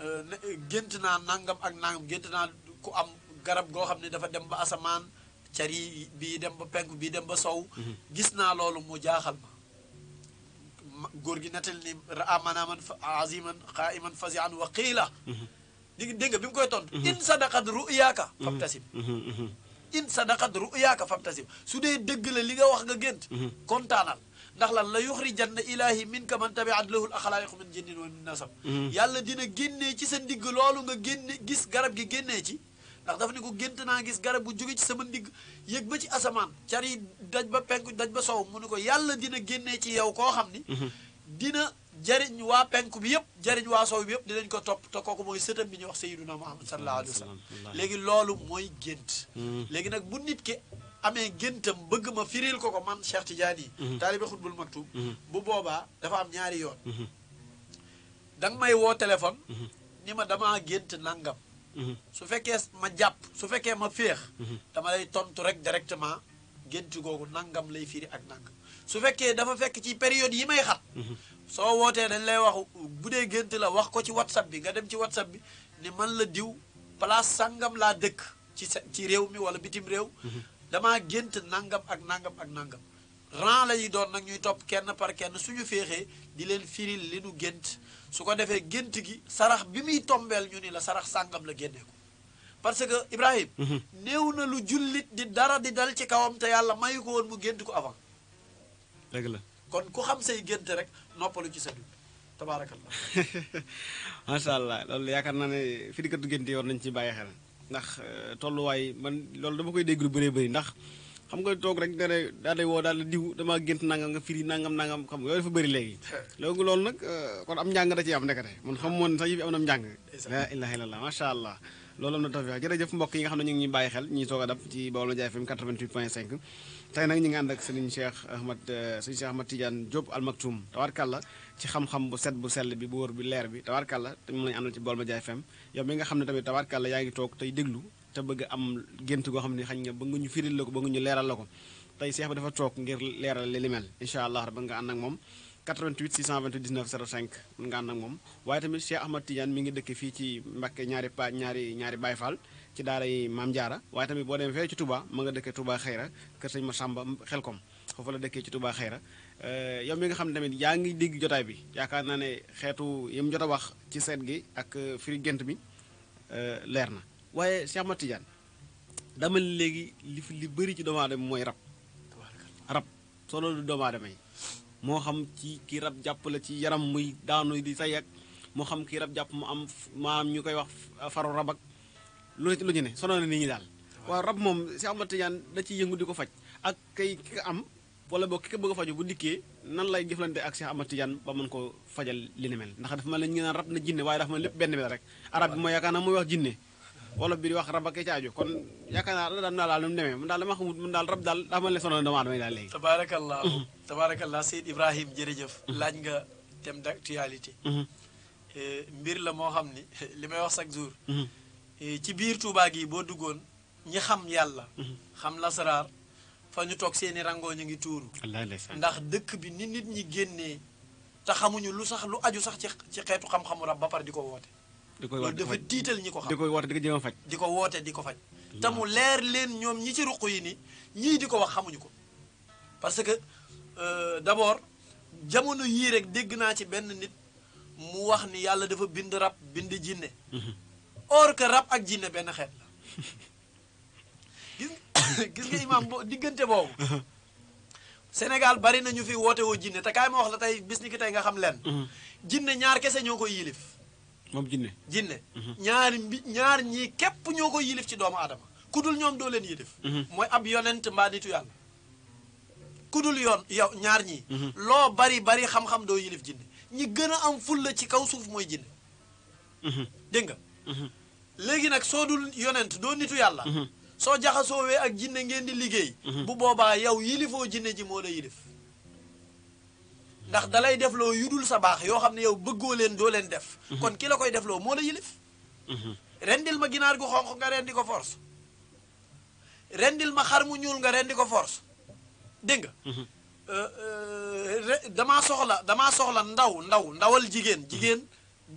euh, gént naa nangam ak nangam gént naa ku am garab goo xam ne dafa dem ba asamaan cari bii dem ba penk bii dem ba sow mhm. gis naa loolu moo jaaxal ma góor gi nettali ni raa manaaman aziman xaiman fasian wa qiila di mhm. dégg bi mu koy tontu mhm. in sadaqat ruyaaka fabtasim in sadaqat ruyaaka fabtasim su dee dëgg la li nga wax nga gént kontaanal ndax lan la yuxrijanna ilaahi min ka man tabiat lahul axlaaiqu min jinnin wa na nasab mm-hmm. yàlla dina génnee ci sa ndigg loolu nga génne gis garab gi génnee ci ndax dafa ne ko gént naa gis garab bu jóge ci sama ndigg yëg ba ci asamaan car yi daj ba penku daj ba sow mu ne ko yàlla dina génnee ci yow koo xam ni mm-hmm. dina jariñ waa penku bi yëpp jariñ waa soow bi yëpp dinañ ko topp te kooku mooy sëtam bi ñuy wax sayyiduna muhammad sallallahu alayhi wa sallam léegi loolu mooy gént mm-hmm. léegi nag bu nit ki amee géntam bëgg ma firil ko ko man Cheikh Tidiane yi mhm. taalibe xutbul maktub mhm. bu boobaa dafa am ñaari yoon mhm. danga may woo téléphone ni ma damaa gént nangam su fekkee ma jàpp su fekkee ma féex dama lay tontu rek directement gént googu nangam lay firi ak nangam su fekkee dafa fekk ci période yi may xat soo wootee dañ lay waxu bu dee gént la wax ko ci whatsapp bi nga dem ci whatsapp bi ni man la diw place sangam laa dëkk ci ci réew mi wala bitim réew damaa gént nangam ak nangam ak nangam ran la yi doon nag ñuy topp kenn par kenn suñu féexee di leen firil li nu gént su ko defee gént gi sarax bi muy tombeel ñu ni la sarax sàngam la génnee ko parce que Ibrahim mhm. néew na lu jullit di dara di dal ci kawam te yàlla mayu ko woon mu gént ko avant dëgg la kon ku xam say gént rek noppalu ci sa dund tabaarakallah macha allah loolu yaakaar naa ne firikatu gént yi war nañ ci bàyyi xel ndax euh, tolluwaay man loolu dama koy dégg lu bëree bëri ndax xam nga toog rek dana daal di woo daal di diw damaa gént nangam nga firi nangam nangam xam nga yooyu dafa bëri léegi léegi loolu nag euh, kon am njàng da ciy am nekkate man xam moon sax yi fi am na njàng la ilaha illallah macha allah loolu am na tax a jërëjëf mbokk yi nga xam ne ñu ngi ñuy bàyyi xel ñuy toog a dab ci Baol Medias FM 88 point 5 tey nag ñi nga ànd ak sëriñ Cheikh Ahmad euh, sëriñ Cheikh Ahmad Tidiane Diop Al Maktoum la ci xam-xam bu set bu sell bi bu wóor bi leer bi tabarkàlla te moom lañu àndal ci Baol Medias FM yow mi nga xam ne tamit tabarkàlla yaa ngi toog tey déglu te bëgg am gént goo xam ne xañ nga ba nga ñu firil la ko ba nga ñu leeral la ko tey Cheikh bi toog ngir leeral li incha allah ba nga ànd moom 88 628 19 05 mën nga ànd ak moom waaye tamit Cheikh Ahmad Tidiane mi ngi dëkk fii ci Mbàkke ñaari pa ñaari ñaari Baye Fall ci daara yi Maam Jaara waaye tamit boo demee fee ci Touba ma nga dëkkee Touba Xayra kër sëñ xel Xelkom foofu la dëkkee ci Touba Xayra euh, yow mi nga xam ne tamit yaa ngi dégg jotaay bi yaakaar naa ne xeetu yi mu jot a wax ci seet gi ak euh, firi gént bi euh, leer na waaye Cheikh Mat léegi li li bëri ci doomu aadama mooy rab rab solo du doomu aadama yi moo xam ci kii rab jàpp la ci yaram muy daanu di say ak moo xam kii rab jàpp mu am maam ñu koy wax faru rab ak lu lu ñu ne sonal na nit ñi daal waaw rab moom Cheikh Ahmad Tidiane da ciy yëngu di ko faj ak kay ki am wala boog ki ka bëgg a faju bu dikkee nan lay jëflante ak Cheikh Ahmad Tidiane ba mën ko fajal li ni mel ndax dafa mel ne ñu ngi rab na jinne waaye dafa mel lépp benn bi la rek arab bi mooy yaakaar naa mooy wax jinne wala bi di wax rab ak caaju kon yaakaar naa daal daal lu mu demee mun daal dama xamut mun daal rab daal daa mel ne sonal na doomu aadama daal léegi tabaarakallah mhm. tabaarakallah Seyd Ibrahim jërëjëf mhm. laaj nga thème d'actualité mhm. eh, mbir la moo xam ni li may wax chaque jour Eh, ci biir Touba gi boo duggoon ñi xam yàlla. Mhm. xam lasaraar fa ñu toog seeni rangoo ñu ngi tuuru. ndax dëkk bi ni nit ñi génnee te xamuñu lu sax lu aju sax ci ci xeetu xam-xamu rab ba pare di ko woote. di ko woote dafa tiital ñi ko di ko woote di ko jéem a faj. di ko woote di ko faj. te mu leer leen ñoom ñi ci ruq yi ni ñii di ko wax xamuñu ko parce que euh, d'abord jamono yii rek dégg naa ci benn nit mu wax ni yàlla dafa bind rab bind jinne mhm. or que rab ak jinne benn xeet la gis nga imaam bo diggante boobu Sénégal bari na ñu fi woote woo jinne te kaay ma wax la tey bis ni ki tey nga xam leen mhm. jinne ñaar kese ñoo koy yilif moom jinne jinne mhm. ñaar mbi ñaar ñii képp ñoo koy yilif ci doomu aadama ku dul ñoom doo leen yilif mhm. mooy ab yonent mbaa nitu yàlla ku yoon yow ñaar ñii loo bari bari xam-xam doo yilif jinne ñi gën a am ful la ci kaw suuf mooy jinne dégg léegi nag soo dul yonent doo nitu yàlla mhm. soo jaxasoowee ak jinne ngeen di liggéey mhm. bu boobaa yow yilifoo jinne ji moo la yilif ndax dalay defloo yudul sa baax yoo xam ne yow bëggoo leen doo leen def mhm. kon kii la koy defloo moo la yilif rendil ma ginaar gu xonq nga rendi ko force rendil ma xar mu ñuul nga rendi ko force dégg nga euh, euh, damaa soxla damaa soxla ndaw ndaw ndawal jigéen jigéen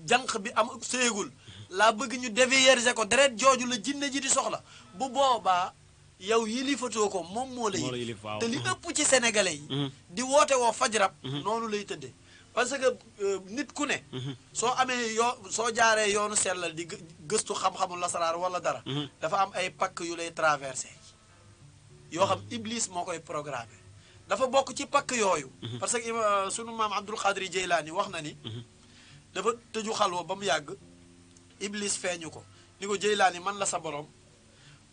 jànq bi am séegul laa bëgg ñu dévierger ko deret jooju la jinne ji di soxla bu boobaa yow yilifatoo ko moom moo la yilif te li ëpp ci sénégalais yi mhm. di woote woo faj rab mhm. noonu lay tëddee parce que euh, nit ku ne mhm. soo amee yoo soo jaaree yoonu sellal di gëstu xam-xamul lasaraar wala dara dafa am ay pakk yu lay traversé yoo xam iblis moo koy programme dafa bokk ci pakk yooyu parce que sunu maam abdul xaadir jeylaani wax na ni dafa tëju xalwa ba mu yàgg iblis feeñu ko ni ko Jeylaani man la sa borom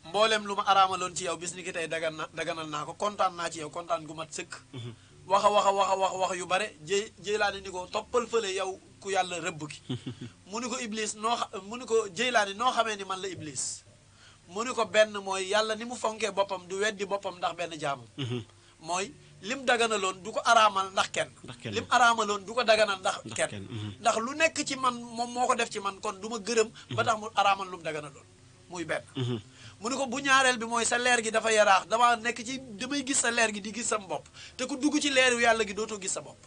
mboolem lu ma araamaloon ci yow bis ni tey dagan na daganal naa ko kontaan naa ci yow kontaan gu mat sëkk mhm. waxa waxa waxa wax wax yu bare jëy Jeylaani ni ko toppal fële yow ku yàlla rëbb ki mu ni ko iblis noo mu ni ko Jeylaani noo xamee ni man la iblis mu ni ko benn mooy yàlla ni mu fonkee boppam du weddi boppam ndax benn jaamam mhm. mooy lim loon du ko araamal ndax kenn lim araamaloon du ko daganal ndax kenn mhm. ndax lu nekk ci man moom moo ko def ci man kon duma gërëm ba tax mu araamal lu mu daganaloon muy benn mhm. mu ne ko bu ñaareel bi mooy sa leer gi dafa yaraax dama nekk ci damay gis sa leer gi di gis sam bopp te ku dugg ci leeru yàlla gi dootoo gis sa bopp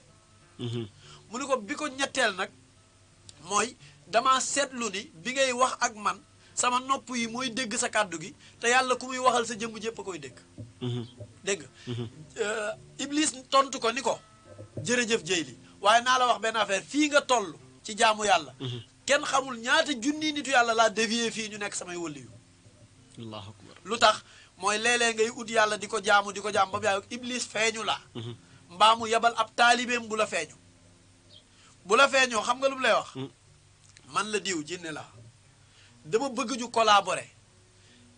mhm. mu ne ko bi ko ñetteel nag mooy dama seetlu ni bi ngay wax ak man sama nopp yi mooy dégg sa kàddu gi te yàlla ku muy waxal sa jëmm jépp a koy dégg mm-hmm. dégg mm-hmm. euh, iblis tontu ko ni ko jërëjëf jëy li waaye naa la wax benn affaire fii nga toll ci jaamu yàlla mm-hmm. kenn xamul ñaata junni nitu yàlla laa dévier fii ñu nekk samay wëliyu allahu lu tax mooy léeg-léeg ngay ut yàlla di ko jaamu di ko jaamu ba mu yaay iblis feeñu la mbaa mu yebal ab taalibeem bu la feeñu bu la feeñoo xam nga lu mu lay wax mm. man la diw jinne la dama bëgg ñu collaborer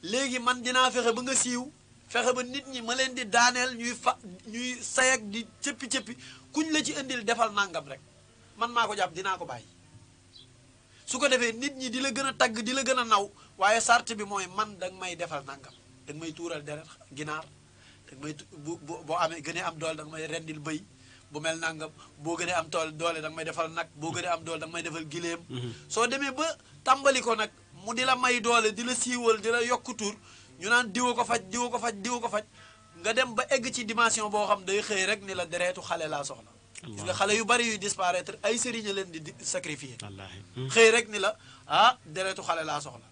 léegi man dinaa fexe ba nga siiw fexe ba nit ñi ma leen di daaneel ñuy fa ñuy sayag di cëppi cëppi kuñ la ci indil defal nàngam rek man maa ko jàpp dinaa ko bàyyi su ko defee nit ñi di la gën a tagg di la gën a naw waaye sart bi mooy man danga may defal nangam danga may tuural deret ginaar danga may bu boo amee gënee am doole danga may rendil bëy bu mel nangam boo gënee am tool doole danga may defal nag boo gënee am doole danga may defal gileem. Mm-hmm. soo demee ba tàmbali ko nag. mu di la may doole di la siiwal di la yokku tur ñu naan diwa ko faj diwa ko faj diwa ko faj nga dem ba egg ci dimension boo xam day xëy rek ni la dereetu xale laa soxla gis nga xale yu bari yuy disparaître ay sëriñ a leen di sacrifier xëy rek ni la ah dereetu xale laa soxla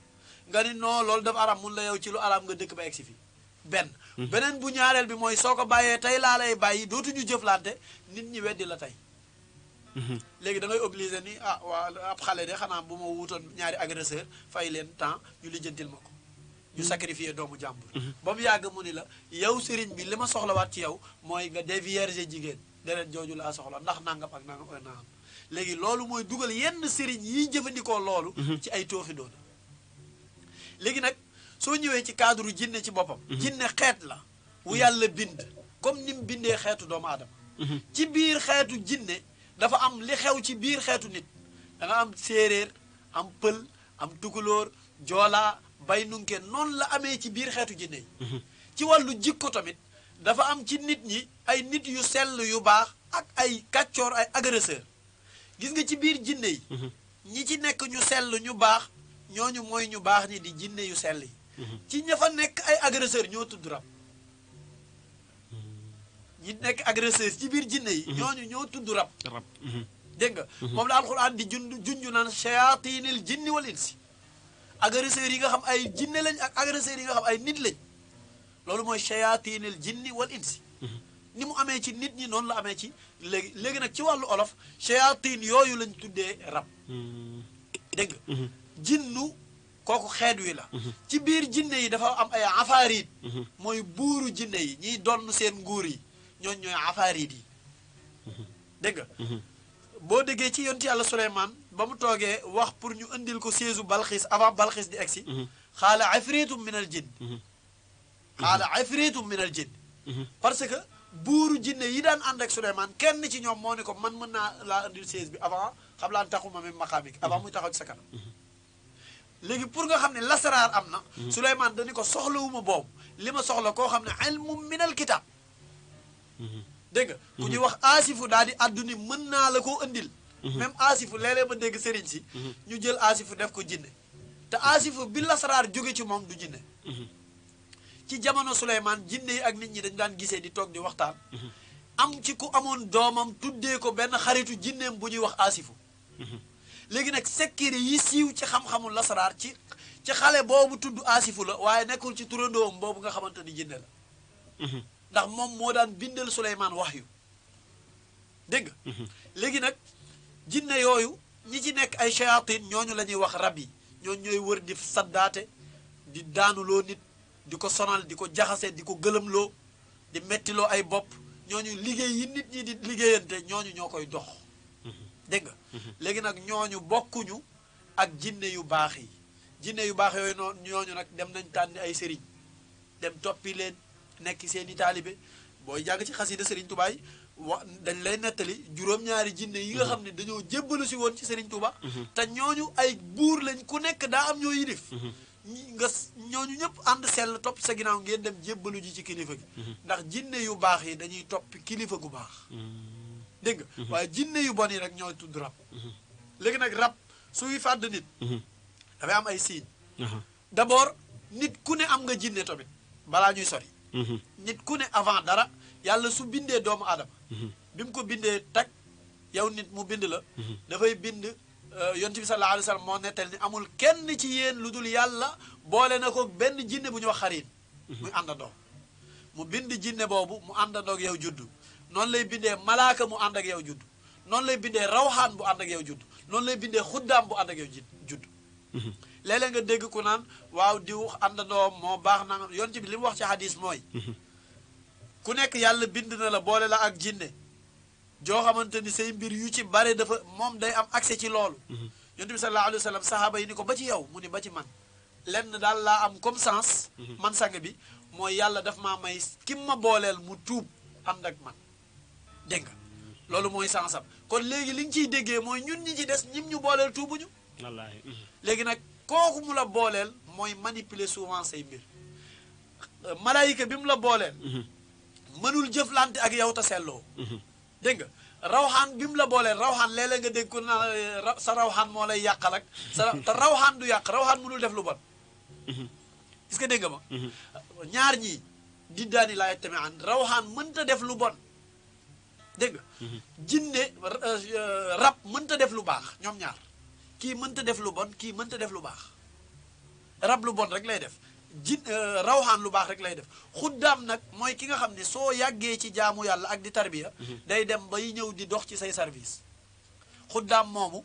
nga ni non loolu dafa aram mun la yow ci lu aram nga dëkk ba egg si fii benn beneen bu ñaareel bi mooy soo ko bàyyee tey laa lay bàyyi dootuñu jëflante nit ñi weddi la tey léegi da obliser obligé ni ah waa ab xale de xanaa bu ma wuutoon ñaari agresseur fay leen temps ñu lijjantil ma ko ñu sacrifier doomu jàmbur mhm. ba mu yàgg mu ni la yow sëriñ bi li ma soxlawaat ci yow mooy nga dévierger jigéen deret jooju laa soxla ndax nangam ak nangam ak nangam léegi loolu mooy dugal yenn sëriñ yiy jëfandikoo loolu mhm. ci ay tooxi doona léegi nag soo ñëwee ci cadre jinne ci boppam mhm. jinne xeet la wu yàlla bind comme ni mu bindee xeetu doomu aadama ci biir xeetu jinne dafa am li xew ci biir xeetu nit da am séeréer am pël am tukulóor joolaa bay nunke noonu la amee ci biir xeetu jinné yi mhm. ci wàllu jikko tamit dafa am ci nit ñi ay nit yu sell yu baax ak ay kàccoor ay agresseur gis nga ci biir jinne yi mhm. ñi ci nekk ñu sell ñu baax ñooñu mooy ñu baax ñi di jinne yu sell yi mhm. ci ña fa nekk ay agresseur ñoo tudd rab ñi nekk agresseurs ci biir jinne yi mhm. ñooñu ñoo tudd rab rab mhm. dégg nga mhm. moom la alxuraan di jun junju naan shayatinil jinni wal insi agresseurs yi nga xam ay jinne lañ ak agresseurs yi nga xam ay nit lañ loolu mooy shayatinil jinni wal insi ni mu amee ci nit ñi noonu la amee ci léegi léegi nag ci wàllu olof shayatin yooyu lañ tuddee rab dégg jinnu kooku xeet wi la biir jinne yi dafa am ay afaarit mooy buuru jinne yi ñiy donn seen nguur yi ñooñ ñooy afaarid yi mm-hmm. dégg nga mm-hmm. boo déggee ci yonti yàlla Suleymaan ba mu toogee wax pour ñu indil ko séesu balxiis avant balxiis di egsi mm-hmm. xaala afritum min al jinn xaala afritum min al jinn parce que buuru jinne yi daan ànd ak Suleymaan kenn ci ñoom moo ne ko man mën naa laa indil séese bi avant xam laan taxuma même avant muy taxaw ci sa kanam léegi pour nga xam ne lasaraar am na Suleymaan dañu ko soxlawuma boobu li ma soxla koo xam ne ilmu min al kitaab dégg nga ku ñuy wax aasifu daal di àdduni mën naa la koo andil même aasifu léeg-léeg ma dégg sëriñ si ñu jël aasifu def ko jinne te aasifu bi lasaraar jóge ci moom du jinne ci jamono Souleymane jinne yi ak nit ñi dañu daan gisee di toog di waxtaan am ci ku amoon doomam tuddee ko benn xaritu jinneem bu ñuy wax aasifu léegi nag sekkiri yi siiw ci xam-xamu lasaraar ci ci xale boobu tudd aasifu la waaye nekkul ci turandoom boobu nga xamante ni jinne la ndax moom moo daan bindal Souleymane wax yu dégg mhm. léegi nag jinne yooyu ñi ci nekk ay shayatin ñooñu la ñuy wax rab yi ñooñu ñooy wër di saddaate di daanuloo nit di ko sonal di ko jaxase di ko gëlëmloo di mettiloo ay bopp ñooñu liggéey yi nit ñi di liggéeyante ñooñu ñoo koy dox mhm. dégg nga mhm. léegi nag ñooñu bokkuñu ak jinne yu baax yi jinne yu baax yooyu noonu ñooñu nag dem nañ tànn ay sëriñ dem toppi leen nekk seen i taalibe booy jàng ci xasida Serigne Touba yi wa dañ lay nettali juróom-ñaari jinne yi nga mhm. xam ne dañoo jébbalu si woon ci Serigne Touba. Mhm. te ñooñu ay buur lañ ku nekk daa am ñoo yilif mhm. nga ñooñu ñëpp ànd sell topp sa ginnaaw ngeen dem jébbalu ji ci kilifa gi. ndax jinne yu baax yi dañuy topp kilifa gu baax. dégg nga waaye jinne yu bon yi rek ñoo tudd rab. léegi nag rab suy fàdd nit. dafay am ay signes. d'abord nit ku ne am nga jinne tamit balaa ñuy sori. nit ku ne avant dara yàlla su bindee doomu aadama bi mu ko bindee tag yow nit mu bind la dafay bind euh, yonent bi sallallahu alayhi wa moo nettal ni amul kenn ci yéen lu dul yàlla boole na ko benn jinne bu ñu wax xarit muy àndandoo mu bind jinne boobu mu àndandoo ak yow juddu noonu lay bindee malaaka mu ànd ak yow juddu noonu lay bindee rawxaan bu ànd ak yow juddu noonu lay bindee xuddaam bu ànd ak yow juddu léeg nga dégg ku naan waaw diw àndandoom moo baax na yoon bi li wax ci hadis mooy ku nekk yàlla bind na la boole la ak jinne joo xamante ni say mbir yu ci bare dafa moom day am accès ci loolu mhm. yonent bi sallallahu alayhi wa sallam sahaaba ni ko ba ci yow mu ba ci man lenn daal laa am comme sens man sang bi mooy yàlla daf maa may kim ma booleel mu tuub ànd ak man dégg nga loolu mooy sensam kon léegi li nga ciy déggee mooy ñun ñi ci des ñim ñu booleel tuubuñu wallaahi léegi nag kooku mu la booleel mooy manipuler souvent say mbir malaayika bi mu la booleel mhm. mënul jëflante ak yow te selloo mhm. dégg nga bi mu la booleel rawxaan léeg-léeg nga dégg ko naa eh, sa rawxaan moo lay yàqal ak sa te du yàq rawxaan mënul def lu bon mhm. est que dégg nga ma ñaar ñii di daani laay tamit an mënta def lu bon dégg jinne eh, rab mënta def lu baax ñoom ñaar kii mënta def lu bon kii mënta def lu baax rab lu bon rek lay def jin euh, rawxaan lu baax rek lay def xuddaam nag mooy ki nga xam ne soo yàggee ci jaamu yàlla ak di tarbiya mhm. day dem bay ñëw di dox ci say service xuddaam moomu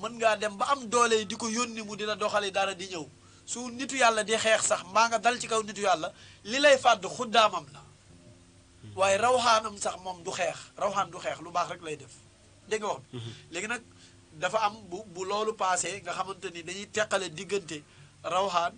mën ngaa dem ba am doole di ko yónni mu dina doxali dara di ñëw su nitu yàlla di xeex sax mbaa nga dal ci kaw nitu yàlla li lay fàdd xuddaamam la mhm. waaye rawxaanam sax moom du xeex rawxaan du xeex lu baax rek lay def dégg wax mhm. léegi dafa am bu bu loolu paasee nga xamante ni dañuy teqale diggante rawxaan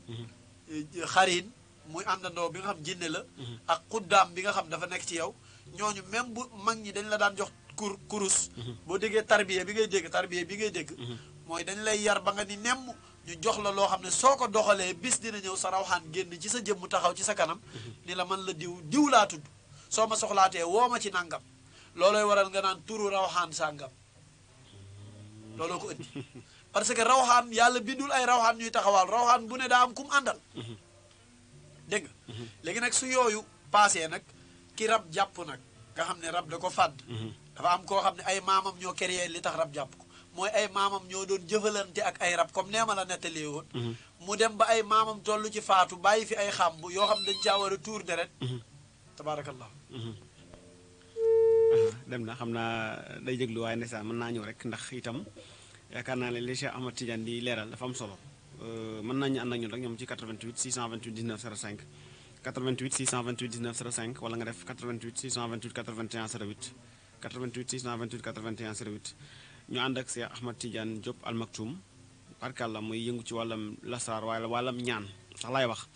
eh, xarin muy àndandoo bi nga xam jinne la mm-hmm. ak xuddaam bi nga xam dafa nekk ci yow ñooñu même bu mag ñi dañ la daan jox kur kurus mm-hmm. boo déggee tarbiya bi ngay dégg tarbiya bi ngay dégg mm-hmm. mooy dañ lay yar ba nga ni nemm ñu jox la loo xam ne soo ko doxalee bis dina ñëw sa rawxaan génn ci sa jëmm taxaw ci sa kanam ni la man la diw diw laa tudd soo ma soxlaatee woo ma ci nàngam looloy waral nga naan turu rawxaan sàngam looloo ko indi parce que raw xaan yàlla bindul ay rawxaan ñuy taxawaal rawxaan bu ne daa am kum àndal dégg mhm. léegi nag su yooyu paasee nag ki rab jàpp nag nga xam ne rab da ko fàdd mhm. dafa am koo xam ne ay maamam ñoo créé li tax rab jàpp ko mooy ay maamam ñoo doon jëfalante ak ay rab comme nee ma la nettalee woon mhm. mu dem ba ay maamam toll ci faatu bàyyi fi ay xàmb yoo xam dañ caa war a tuur deret tabaarakallah dem na xam naa day jéglu waaye ndeysaan mën naa ñëw rek ndax itam yaakaar naa ne li Cheikh Ahmad Tidiane di leeral dafa am solo euh, mën naa ñu ànd ak ñun rek ñoom ci 88 628 19 05 88 628 19 05 wala nga def 88 628 81 08 88 628 81 08 ñu ànd ak Cheikh Ahmad Tidiane Diop Al Maktoum barkàlla muy yëngu ci wàllam lasaar waaye wàllam ñaan sax laay wax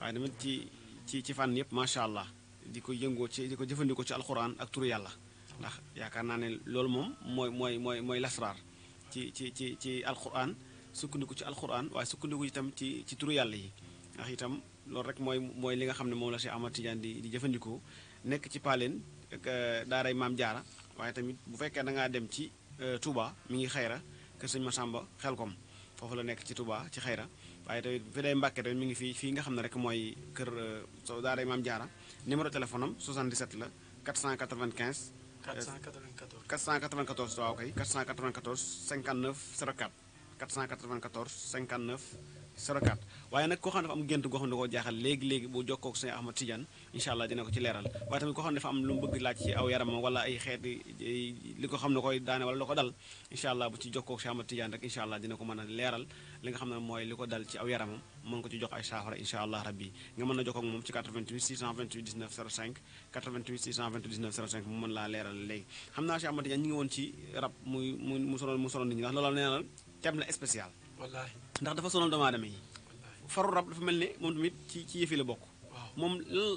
waaye tamit ci ci ci fànn yëpp macha allah di ko yëngoo ci di ko jëfandikoo ci alquran ak turu yàlla ndax yaakaar naa ne loolu moom moy moy mooy mooy lasraar ci ci ci ci alquran sukkandiku ci alquran waaye sukkandiku itam ci ci turu yàlla yi ndax itam loolu rek mooy mooy li nga xam ne la si Amad Tidiane di di jëfandikoo nekk ci paaleen euh, daaray maam jaara waaye tamit bu fekkee da ngaa dem ci euh, Touba mi ngi xayra kër sëñ Masamba xelkom foofu la nekk ci Touba ci xayra waaye tamit fi day Mbàkke tamit mi ngi fi fii nga xam ne rek mooy kër euh, daaray maam jaara numéro téléphone am 77 la 495 494 494 waaw kay 494 59 04 494 59 04 waaye nag koo xam ne dafa am gént goo xam ne da koo jaaxal léegi-léegi bu jokkoo ak sëñ Ahmad Tidiane incha allah dina ko ci leeral waaye tamit koo xam ne dafa am lu mu bëgg laaj ci aw yaramam wala ay xeeti li ko xam ne koy daane wala lu ko dal incha allah bu ci jokkoo ak sëñ Ahmad Tidiane rek incha allah dina ko mën a leeral li nga xam ne mooy li ko dal ci aw yaramam mën ko ci jox ay saafara incha allah rabbi nga mën a jokkoo ak moom ci 88 628 19 05 88 628 19 05 mu mën laa leeral léegi xam naa si amati ñi ngi woon ci rab mu mu nit ñi ndax loolu nee na la spécial ndax dafa sonal doomu aadama yi faru rab dafa mel ne moom tamit ci ci yëfi la bokk moom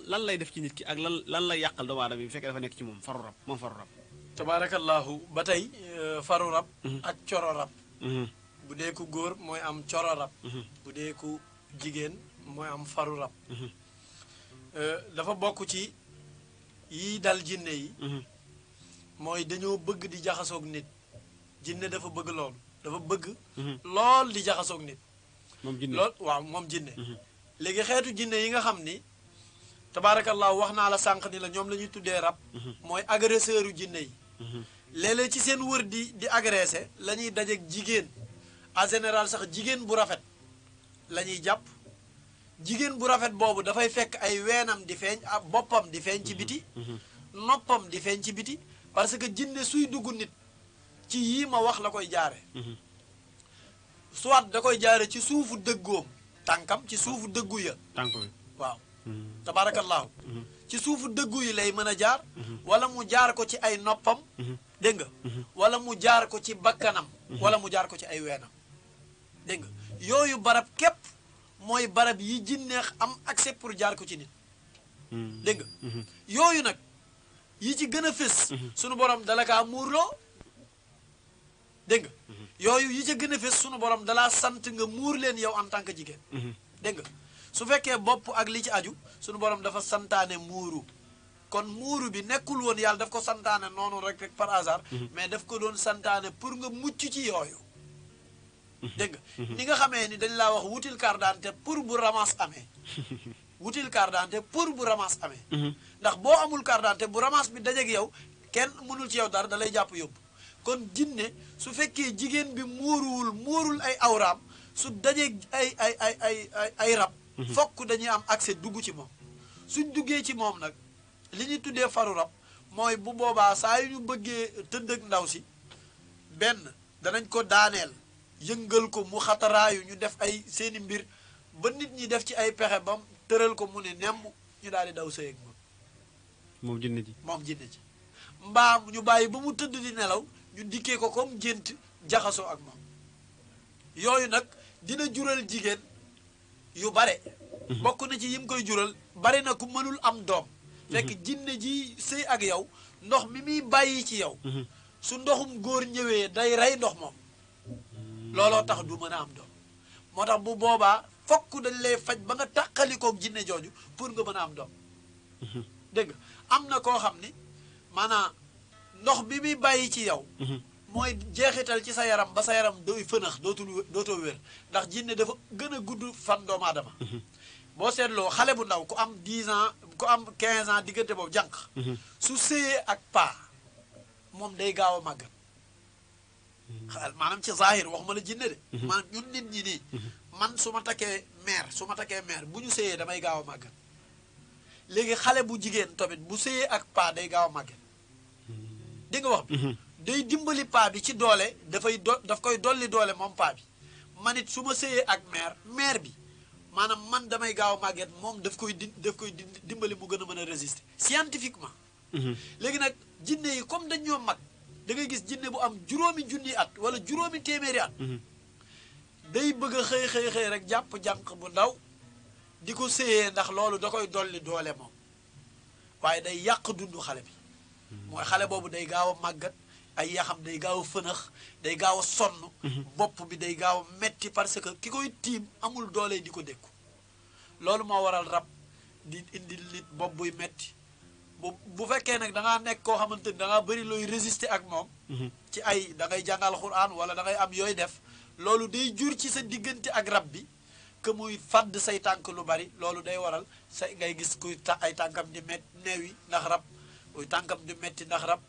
lan lay def ci nit ki ak lan lan lay yàqal doomu aadama yi bu fekkee dafa nekk ci moom faru rab moom faru rab tabaarakallaahu ba tey euh, faru rab mhm. ak coro rab mhm. bu dee ku góor mooy am coro rab mhm. Jigen, moy am faru euh dafa bokk ci yi dal jinne yi moy mhm. dañoo bëgg di jaxassok nit jinne dafa bëgg lool dafa bëgg mhm. lool di jaxassok nit lool waaw mom jinne mhm. legi xéetu jinne yi nga xamni tabarakallah waxna la sank ni la ñom la tuddé rap moy agresseuru jinne yi lélé ci seen wër di di agresser la dajé jigen, a en général sax jigen bu rafet lañuy jàpp jigéen bu rafet boobu dafay fekk ay weenam di feeñ ab boppam di feeñ ci mhm. biti mhm. noppam di feeñ ci biti parce que jinne suy dugg nit ci yii ma wax la koy jaare mhm. soit da koy jaare ci suufu dëggoom tànkam ci suufu dëggu ya waaw tabaarakallaahu ci suufu dëggu yi lay mën a jaar wala mu jaar ko ci ay noppam dégg nga wala mu jaar ko ci bakkanam wala mu jaar ko ci ay weenam dégg nga yooyu barab képp mooy barab yi jinneex am accès pour jaar ko ci nit mm-hmm. dégg mm-hmm. yooyu nag yi ci gën a fés mm-hmm. sunu borom dala kaa muurloo dégg yooyu yi ca gën a fés sunu borom dalaa sant nga muur leen yow en tant que jigéen dégg nga su fekkee bopp ak li ci aju sunu borom dafa santaane muuru kon muuru bi nekkul woon yàlla daf ko santaane noonu rek rek par hasard mais daf ko doon santaane pour nga mucc ci yooyu dégg nga ni nga xamee ni dañ laa wax wutil carte d'identité pour bu ramasse amee wutil carte d'identité pour bu ramasse amee mhm. ndax boo amul carte d'identité bu ramasse bi dajeeg yow kenn mënul ci yow dara dalay jàpp yóbbu kon jinne su fekkee jigéen bi muuruwul muurul ay awraam su dajeeg ay ay ay ay rab mhm. fokk dañuy am accès dugg ci moom suñ duggee ci moom nag li ñu tuddee faru rab mooy bu boobaa saa yu ñu bëggee tëdd ak ndaw si benn danañ ko daaneel yëngal ko mu xataraayu ñu def ay seeni mbir ba nit ñi def ci ay pexe bam tëral ko mu ne nemb ñu daal di daw sëy ak moom moom jinne ji moom jinne ji mbaam ñu bàyyi ba mu tëdd di nelaw ñu dikkee ko comme gént jaxasoo ak moom yooyu nag dina jural jigéen yu bare mhm. bokk na ci yim koy jural bari na ku mënul am doom mhm. fekk jinne ji sëy ak yow ndox mi muy bàyyi ci yow mhm. su ndoxum góor ñëwee day rey ndox moom looloo tax du mën a am doom moo tax bu boobaa fokk dañ lay faj ba nga tàqalikoog jinne jooju pour nga mën a am doom mhm. dégg am na koo xam ni maanaam ndox bi muy bàyyi ci yow mhm. mooy jeexital ci sa yaram ba sa yaram doy fënax dootul dootoo wér ndax jinne dafa gën a gudd fan doomu aadama mhm. boo seetloo xale bu ndaw ku am 10 ans ku am 15 ans diggante boobu jànq su séyee ak paa moom day gaaw a màggat maanaam ci zahir waxuma la jinne de mhm. maanaam ñun nit ñi nii mhm. man su ma takkee mère su ma takkee mère bu ñu sëyee damay gaaw a màggat léegi xale bu jigéen tamit bu sëyee ak paa day gaaw a màggat mhm. dégg wax bi day dimbali paa bi ci doole dafay do daf koy dolli doole moom paa bi man su ma sëyee ak mère mère bi maanaam man damay gaaw a màgget moom daf koy di daf koy di dimbali mu gën a mën a résister scientifiquement léegi nag jinne yi comme dañ ñoo mag da ngay gis jinne bu am juróomi junni at wala juróomi téeméeri at mhm. day bëgg a xëy xëy xëy rek jàpp jànq bu ndaw di ko séyee ndax loolu da koy dolli doole moom waaye day yàq dund xale bi mhm. mooy xale boobu day gaaw a màggat ay yaxam day gaaw a fënax day gaaw a sonn mhm. bopp bi day gaaw a metti parce que ki koy tiim amul doole di ko dékku loolu moo waral rab di indi nit bopp buy metti bu bu fekkee nag da ngaa nekk koo xamante ni da ngaa looy résister ak moom. Mhm. ci ay da ngay jàngal xuraan wala da ngay am yooyu def loolu day jur ci sa diggante ak rab bi que muy fàdd say tànk lu bari loolu day waral sa ngay gis kuy ta ay tànkam di met neewi ndax rab kuy tànkam di metti ndax rab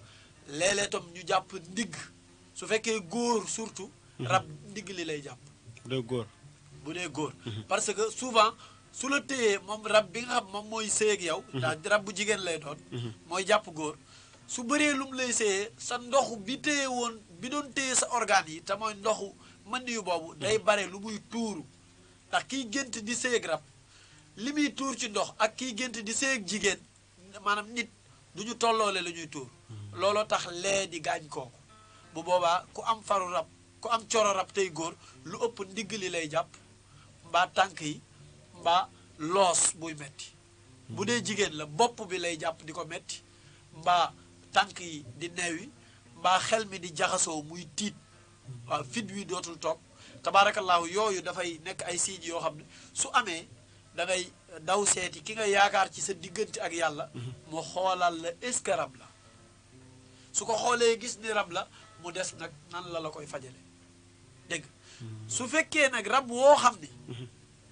léeg-léeg ñu jàpp ndigg su fekkee góor surtout. Mhm. rab ndigg li lay jàpp. góor bu dee góor. Mhm. parce que souvent. su la téyee moom rab bi nga xam moom mooy séeg yow ndax mhm. rab bu jigéen lay doon mhm. mooy jàpp góor su bëree lum lay séyee sa ndoxu bi téye woon bi doon téye sa organes yi te mooy ndoxu mën yu boobu day mhm. bare lu muy tuuru ndax kiy gént di séeg rab li muy tuur ci ndox ak kiy gént di séeg jigéen maanaam nit du ñu tolloole la ñuy tuur looloo tax lee di gaañ kooku bu boobaa ku am faru rab ku am coro rab tey góor lu ëpp ndigg li lay jàpp mbaa tànk yi mbaa loos buy metti bu dee jigéen la bopp bi lay jàpp di ko metti mbaa tànk yi di neewi mbaa xel mi di jaxasoo muy tiit waaw fit wi dootul toog tabaarakallaahu yooyu dafay nekk ay signe yoo xam ne su amee da ngay daw seeti ki nga yaakaar ci sa diggante ak yàlla mhm. mu xoolal la est rab la su ko xoolee gis ni rab la mu des nag nan la la koy fajale dégg mhm. su fekkee nag rab woo xam ni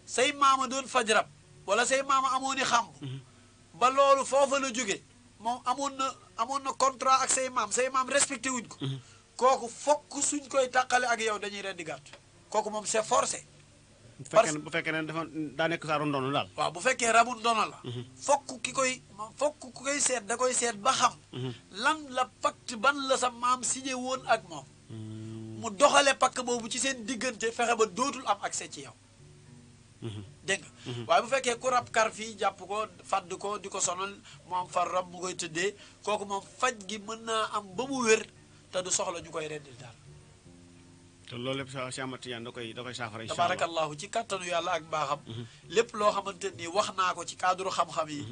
say a doon faj rab wala say a amoon i xàmb mhm. ba loolu foofa la jóge moom amoon na amoon na contrat ak say maam say maam respecté wuñ ko mhm. kooku fokk suñ koy tàqale ak yow dañuy rendi gàtt kooku moom c'est forcé parce que bu fekkee ne dafa daa nekk saaru ndono daal waaw bu fekkee rabu ndono la mhm. fokk ki koy fokk ku koy seet da koy seet ba xam lan la pacte ban la sa maam signé woon ak moom mm. mu doxale pacte boobu ci seen diggante fexe ba dootul am accès ci yow dégg nga mhm. Mhm. waaye bu fekkee ku rab kar fii jàpp ko fàdd ko di ko sonal moom far rab mu koy tëddee kooku moom faj gi mën naa am ba mu wér te du soxla ñu koy reddil daal te loolu lépp Cheikh Ahmad Tidiane da koy da koy saafara incha allah ci kàttanu yàlla ak baaxam mhm. lépp loo xamante ni wax naa ko ci cadre xam-xam yi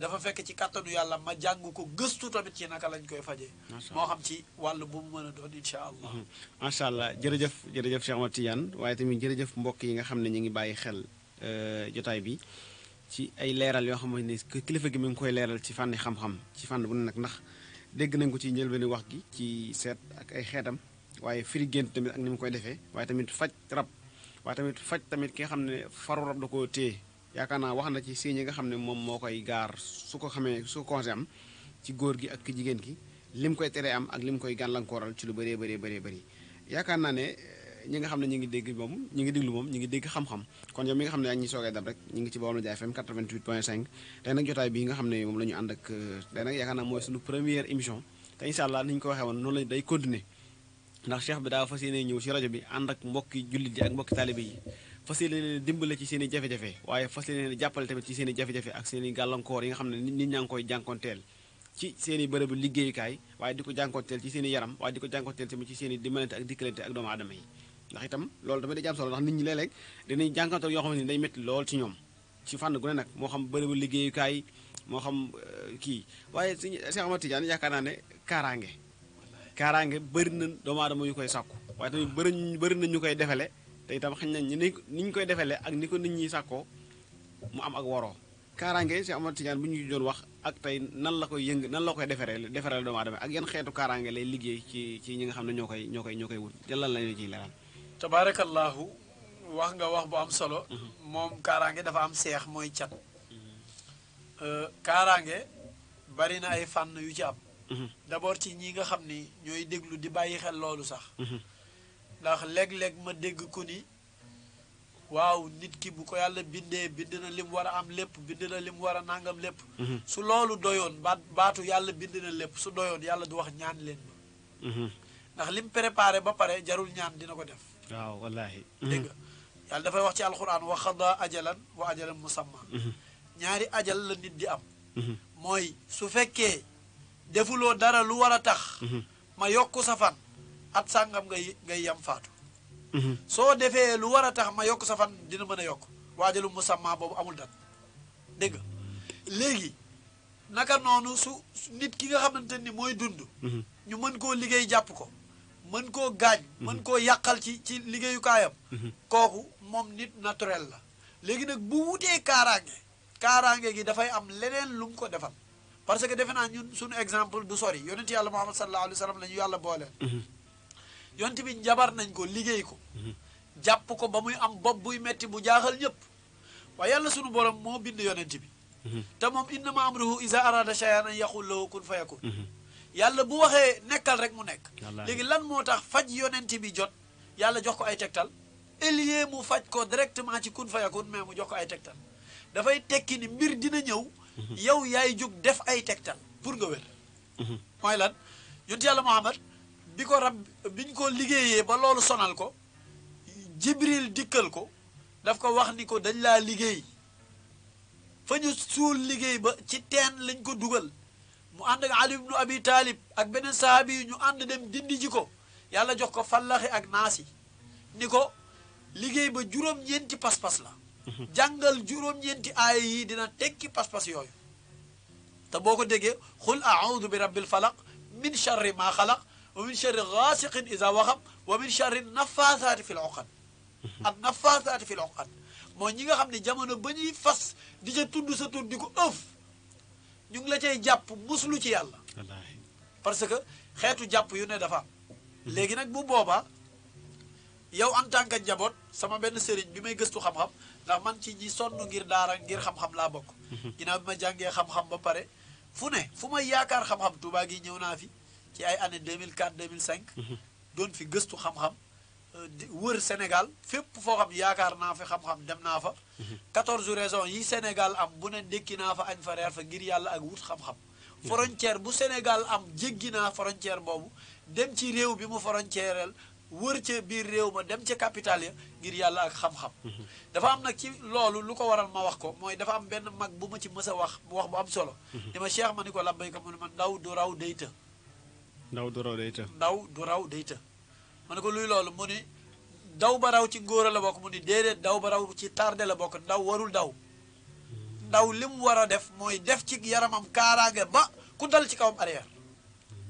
dafa fekk ci kàttanu yàlla ma jàng ko gëstu tamit ci naka lañ koy fajee. moo xam ci wàll bu mu mën a doon incha allah. Mhm. jërëjëf jërëjëf Cheikh Ahmad Tidiane waaye tamit jërëjëf mbokk yi nga xam ne ñu ngi bàyyi xel euh, jotaay bi ci ay leeral yoo xamante ne kilifa gi mi ngi koy leeral ci fànni xam-xam ci fànn bu ne nag ndax dégg nañ ko ci njëlbeenu wax gi ci seet ak ay xeetam waaye firi gént tamit ak ni mu koy defee waaye tamit faj rab waaye tamit faj tamit ki nga xam ne faru rab da koo téye yaakaar naa wax na ci signes yi nga xam ne moom moo koy gaar su ko xamee su ko conseil am ci góor gi ak jigéen gi lim koy teree am ak lim koy gàllankooral ci lu bëree bëree bëree bëri yaakaar naa ne eh, ñi nga xam ne ñi ngi dégg moom ñi ngi déglu moom ñi ngi dégg xam kon yow mi nga xam ne ak ñi soogee dab rek ñu ngi ci Baol Médias FM 88 point 5 tey nag jotaay bi nga xam ne moom la ñu ànd ak eh, tey nag yaakaar naa mooy suñu première émission te incha allah ni ñu ko waxee woon noonu la day continuer ndax cheikh bi daa fa yéene ñëw ci rajo bi ànd ak mbokki jullit yi ak mbokki taalibe yi fas yéene leen dimbale ci seeni i jafe-jafe waaye fas yéene leen jàppale tamit ci seen i jafe-jafe ak seen i gàllankoor yi nga xam ne nit ñaa ngi koy jànkonteel ci seeni i bërëbu liggéeyukaay waaye di ko jànkonteel ci seen i yaram waaye di ko jànkonteel tamit ci seeni i dimbalante ak dikkalante ak doomu aadama yi ndax itam loolu tamit day am solo ndax nit ñi léeg-léeg dinañ jànkonteel yoo xam ne day métti lool ci ñoom ci fànn gu ne nag moo xam bërëbu liggéeyukaay moo xam euh, kii waaye suñu Cheikh Ahmad Tidiane yaakaar naa ne kaaraange kaaraange bëri na doomu aadama yu koy sàkku waaye tamit bëri bëri na ñu koy defale te itam xañ nañ ni niñ koy defeele ak ni ko nit ñi sàkkoo mu am ak waroo kaaraange si Amadou Tidiane bu ñu doon wax ak tey nan la koy yëng nan la koy defaree defaree doomu aadama ak yan xeetu kaaraange lay liggéey ci ci ñi nga xam ne ñoo koy ñoo koy ñoo koy wut lan la ñuy ciy leeral. tabaarakallaahu wax nga wax bu solo. Mhm. moom kaaraange dafa am seex mooy cat. Mhm. Euh, kaaraange bari na ay fànn yu ci am. Mhm. d'abord ci ñi nga xam ni ñooy déglu di bàyyi xel loolu sax. ndax léeg-léeg ma dégg ko ni waaw nit ki bu ko yàlla bindee bind na lim war a am lépp bind na lim war a nàngam lépp. Mhm. su loolu doyoon baat baatu yàlla bind na lépp su doyoon yàlla du wax ñaan leen ma. Mhm. ndax lim préparé ba pare jarul ñaan dina ko def. waaw wallaahi. Mhm. dégg yàlla dafay wax ci alxuraan wa xada ajalan wa ajalan musamma ñaari ajal la nit di am. mooy su fekkee defuloo dara lu war a tax. ma yokk sa fan. at sàngam ngay ngay yam faatu mhm. soo defee lu war a tax ma yokk sa fan dina mën a yokk waajalu musamma boobu amul dat dégg nga léegi naka noonu su nit ki nga xamante ni mooy dund mhm. ñu mën koo liggéey jàpp ko mën koo gaañ mhm. mën koo yàqal ci ci liggéeyukaayam kooku moom nit naturel la léegi nag bu wutee kaaraange kaaraange gi dafay am leneen lu mu ko defal parce que defe naa ñun suñu exemple du sori yonent yàlla muhammad sallallahu alayhi wa la ñu yàlla booleel yonte bi jabar nañ ko liggéey ko jàpp ko ba muy am bopp buy metti bu jaaxal ñëpp waaye yàlla sunu borom moo bind yonent bi te moom innama amruhu isa arada shay'an an yaqul lahu kun fayakun yàlla bu waxee nekkal rek mu nekk léegi lan moo tax faj yonent bi jot yàlla jox ko ay tegtal elie mu faj ko directement ci kun fayakun mais mu jox ko ay tegtal dafay tekki ni mbir dina ñëw mhm. yow yaay jóg def ay tegtal pour nga wér mhm. mooy lan yonent yàlla Muhammad bi ko rab biñ ñu ko liggéeyee ba loolu sonal ko jibril dikkal ko daf ko wax ni ko dañ laa liggéey fa ñu suul liggéey ba ci teen lañ ko dugal mu ànd ak ali ibnu abi taalib ak beneen sahaabi yi ñu ànd dem dindi ji ko yàlla jox ko fallaxi ak naasi ni ko liggéey ba juróom-ñeenti pas-pas la jàngal juróom-ñeenti aaya yi dina tekki pas-pas yooyu te boo ko déggee xul audu bi rabbil falaq min charri maa xalaq wa min charri gaasiqin isa waxam wa min charri nafaasaati fi l oqad ak nafaasaati fi l oqad mooy ñi nga xam ne jamono ba ñuy fas di ca tudd sa tudd di ko ëf ñu ngi la cay jàpp muslu ci yàlla parce que xeetu jàpp yu ne dafa am mm-hmm. léegi nag bu boobaa yow en tant que njaboot sama benn sëriñ bi may gëstu xam-xam ndax man ci ñi sonn ngir daara ngir xam-xam laa bokk mm-hmm. ginnaaw bi ma jàngee xam-xam ba pare fu ne fu may yaakaar xam-xam Tuubaa gi ñëw naa fi ci ay année 2004 2005. doon fi gëstu xam-xam. wër Sénégal fépp foo xam yaakaar naa fi xam-xam dem naa fa. 14 raisons yi Sénégal am bu ne ndékki naa fa añ fa reer fa ngir yàlla ak wut xam-xam. frontière bu Sénégal am jéggi naa frontière boobu dem ci réew bi mu frontièreel wër ca biir réew ma dem ca capital ya ngir yàlla ak xam-xam. dafa am nag ci loolu lu ko waral ma wax ko mooy dafa am benn mag bu ma ci mës a wax wax bu am solo. dama Cheikh ma ni ko labbay ko mu ne ma ndaw du raw day ndaw du raw day të ndaw du raw day ma ne ko luy loolu mu ni daw ba raw ci ngóor la bokk mu ni déedéet daw ba raw ci tardé la bokk ndaw warul daw ndaw li mu war a def mooy def ci yaramam kaaraange ba ku dal ci kawam arrière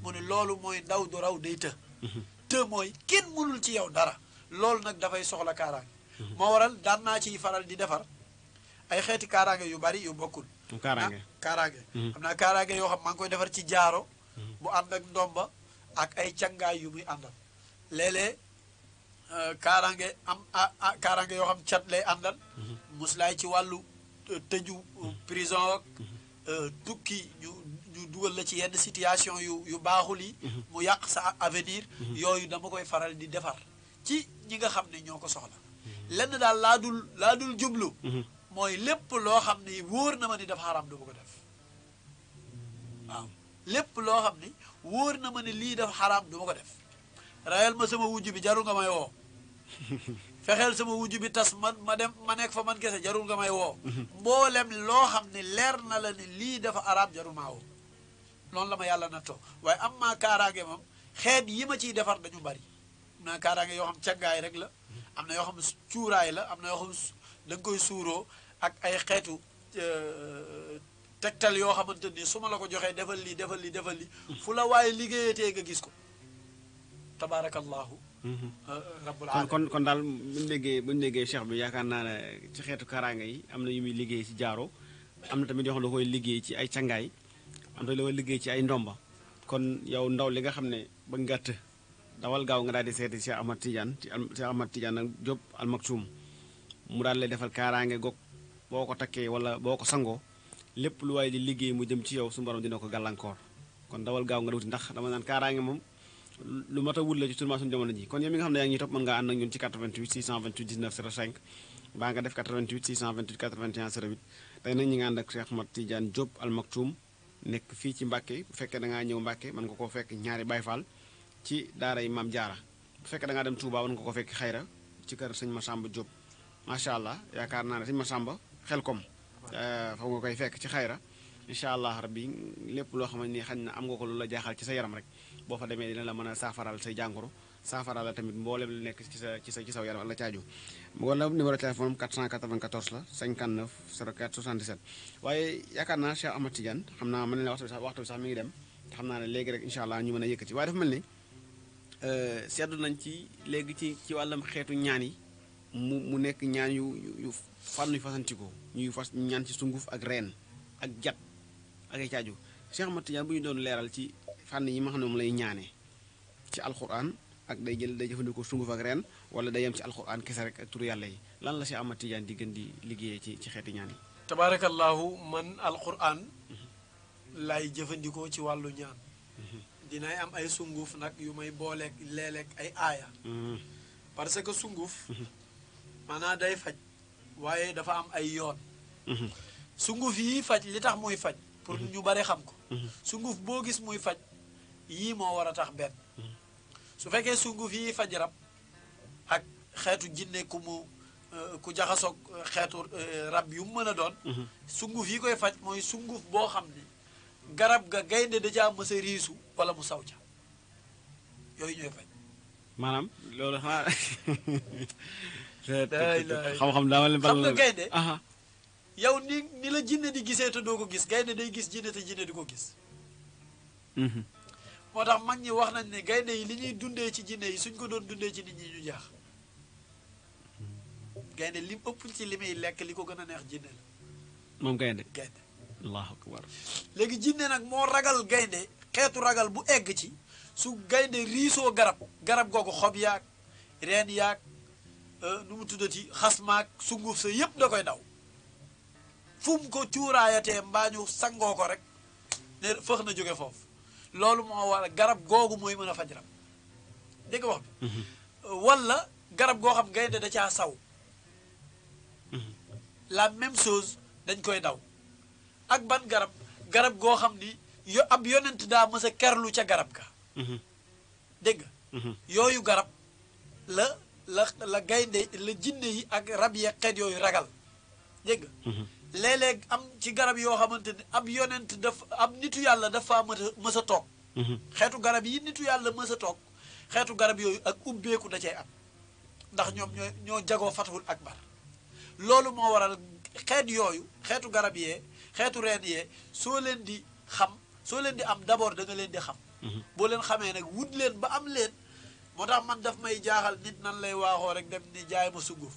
mu ni loolu mooy ndaw du raw day të te mooy kenn mënul ci yow dara loolu nag dafay soxla kaaraange moo waral daan naa ciy faral di defar ay xeeti kaaraange yu bari yu bokkul kaaraange ah, kaaraange xam naa kaaraange yoo xam maa koy defar ci jaaro bu ànd ak ndomba ak ay cangaay yu muy àndal léeg-léeg euh, kaaraange am kaaraange yoo xam cat lay àndal mm-hmm. muslaay ci wàllu tëju mm-hmm. prison ak mm-hmm. euh, tukki ñu dugal la ci yenn situation yu yu baaxul yi mu yàq sa avenir yooyu dama koy faral di defar ci ñi nga xam ne ñoo ko soxla lenn daal laa dul laa dul jublu mooy lépp loo xam ne wóor na ma ni dafa xaram du ma ko def waaw lépp loo xam ni wóor na ma ne lii dafa xaraam du ko def rayal ma sama wujj bi jarul nga may woo fexeel sama wujj bi tas man ma dem ma nekk fa man kese jarul nga may woo mboolem loo xam ne leer na la ne lii dafa araab jarul maa woo loolu la ma yàlla nattoo waaye am maa kaaraange moom xeet yi ma ciy defar dañu bari am naa kaaraange yoo xam càggaay rek la am na yoo xam cuuraay la am na yoo xam da koy suuroo ak ay xeetu euh, tegtal yoo xamante ni su ma la ko joxee defal lii defal lii defal lii fu la waaye liggéeyatee nga gis ko tabaarakallahu mm-hmm. rabbul alamin kon kon daal buñu déggee buñu bi yaakaar naa ne ci xeetu kaaraange yi am na yu muy liggéey ci jaaro am na tamit yoo xam koy liggéey ci ay cangaay am na da liggéey ci ay ndomba kon yow ndaw li nga xam ne ba ngàtt dawal gaaw nga daal di seeti Cheikh Ahmad Tidiane ci Cheikh Ahmad Tidiane nag mu daal lay defal kaaraange goog boo ko takkee wala boo ko sangoo lépp lu waaye di liggéey mu jëm ci yow suñu borom dina ko gàllankoor kon dawal gaaw nga wuti ndax dama naan kaaraange moom lu mat a wut la ci tournoi suñu jamono ji kon yow ne yaa ngi topp mën ngaa ànd ak ñun ci 88 628 19 05 baa nga def 88 628 81 08 tey nag ñi nga ànd ak Cheikh nekk fii ci Mbàkke bu fekkee da ngaa ñëw Mbàkke mën nga koo fekk ñaari Baay Faal ci daara Maam Jaara bu fekkee da ngaa dem Touba mën nga ko fekk xayra ci kër sëñ Masamba Diop macha allah yaakaar naa ne sëñ Masamba xel kom Eh, foog nga koy fekk ci xayra incha allah rabbi lépp loo xamante ni xañ na am nga ko lu la jaaxal ci sa yaram rek boo fa demee dina la mën a saafaral say jàngoro saafaral la tamit mboolem lu nekk ci sa ci sa ci saw yaram la caaju wala numéro téléphone am 494 la 59 04 77. waaye yaakaar naa am Ahmad Tidiane xam naa mën na waxtu sax waxtu ngi dem te xam naa ne léegi rek incha allah ñu mën a yëkkati waaye dafa mel ni eh, seddu nañ ci léegi ci ci wàllam xeetu ñaan yi. mu mu nekk ñaan yu yu fànn yu fasantikoo ñuy fas ñaan ci sunguf ak reen ak jat ak ay caaju Cheikh Ahmad Tidiane bu ñu doon leeral ci fànn yi ma xam ne moom lay ñaanee ci alxuraan ak day jël day jëfandikoo sunguf ak reen wala day yem ci alxuraan kese rek ak turu yi lan la si Ahmad Tidiane diggan gën di liggéeyee ci ci xeeti ñaan yi. tabaarakallaahu man alxuraan laay jëfandikoo ci wàllu ñaan. dinaay am ay sunguf nag yu may booleeg leeleeg ay aaya. Mm-hmm. parce que sunguf. Mm-hmm. maanaam day faj waaye dafa am ay yoon mhm. sunguf yii faj li tax muy faj pour mhm. ñu bari xam ko mhm. sunguf boo gis muy faj yii moo war a tax benn su fekkee sunguf yi faj rab ak xeetu jinne ku mu euh, ku jaxasoog euh, xeetu euh, rab yu mën a doon sunguf yi koy faj mooy sunguf boo xam ne garab ga gaynde da ca mës a riisu wala mu saw ca yooyu ñooy faj maanaam loolu xanaa xam-xam daa leen xam nga gaynde yow ni ni la jinne di gisee te doo ko gis gaynde day gis jinne te jinne di ko gis mhm. moo tax mag ñi wax nañ ne gaynde yi li ñuy dundee ci jinne yi suñ ko doon dundee ci nit ñi ñu jaax gaynde li ëpp ci li muy lekk li ko gën a neex jinne la moom gaynde gaynde léegi jinne nag moo ragal gaynde xeetu ragal bu egg ci su gaynde riisoo garab garab googu xob yaag reen yaag Euh, nu mu tuddati xas maag sunguf sa yëpp da koy daw fu ko cuuraayatee mbaa sangoo ko rek ne fëx na jóge foofu loolu moo war garab googu mooy mën a faj rab dégg nga wax bi mhm. wala garab goo xam gaynde da caa saw mhm. la même chose dañ koy daw ak ban garab garab goo xam ni yo ab yonent daa mës a kerlu ca garab ga mhm. dégg yooyu garab la la la gaynde la jinne yi ak rab ya xeet yooyu ragal dégg nga mhm. léeg am ci garab yoo xamante ne ab yonent daf ab nitu yàlla dafa mës a mës a toog mhm. xeetu garab yi nitu yàlla mës a toog xeetu garab yooyu ak ubbeeku da cay am ndax ñoom ñoo ñoo jagoo ak akbar loolu moo waral xeet yooyu xeetu garab yee xeetu reen yee soo leen di xam soo leen di am d'abord da nga leen di xam mhm. boo leen xamee nag wut leen ba am leen moo tax man daf may jaaxal nit nan lay waaxoo rek dem ni jaay ma sunguf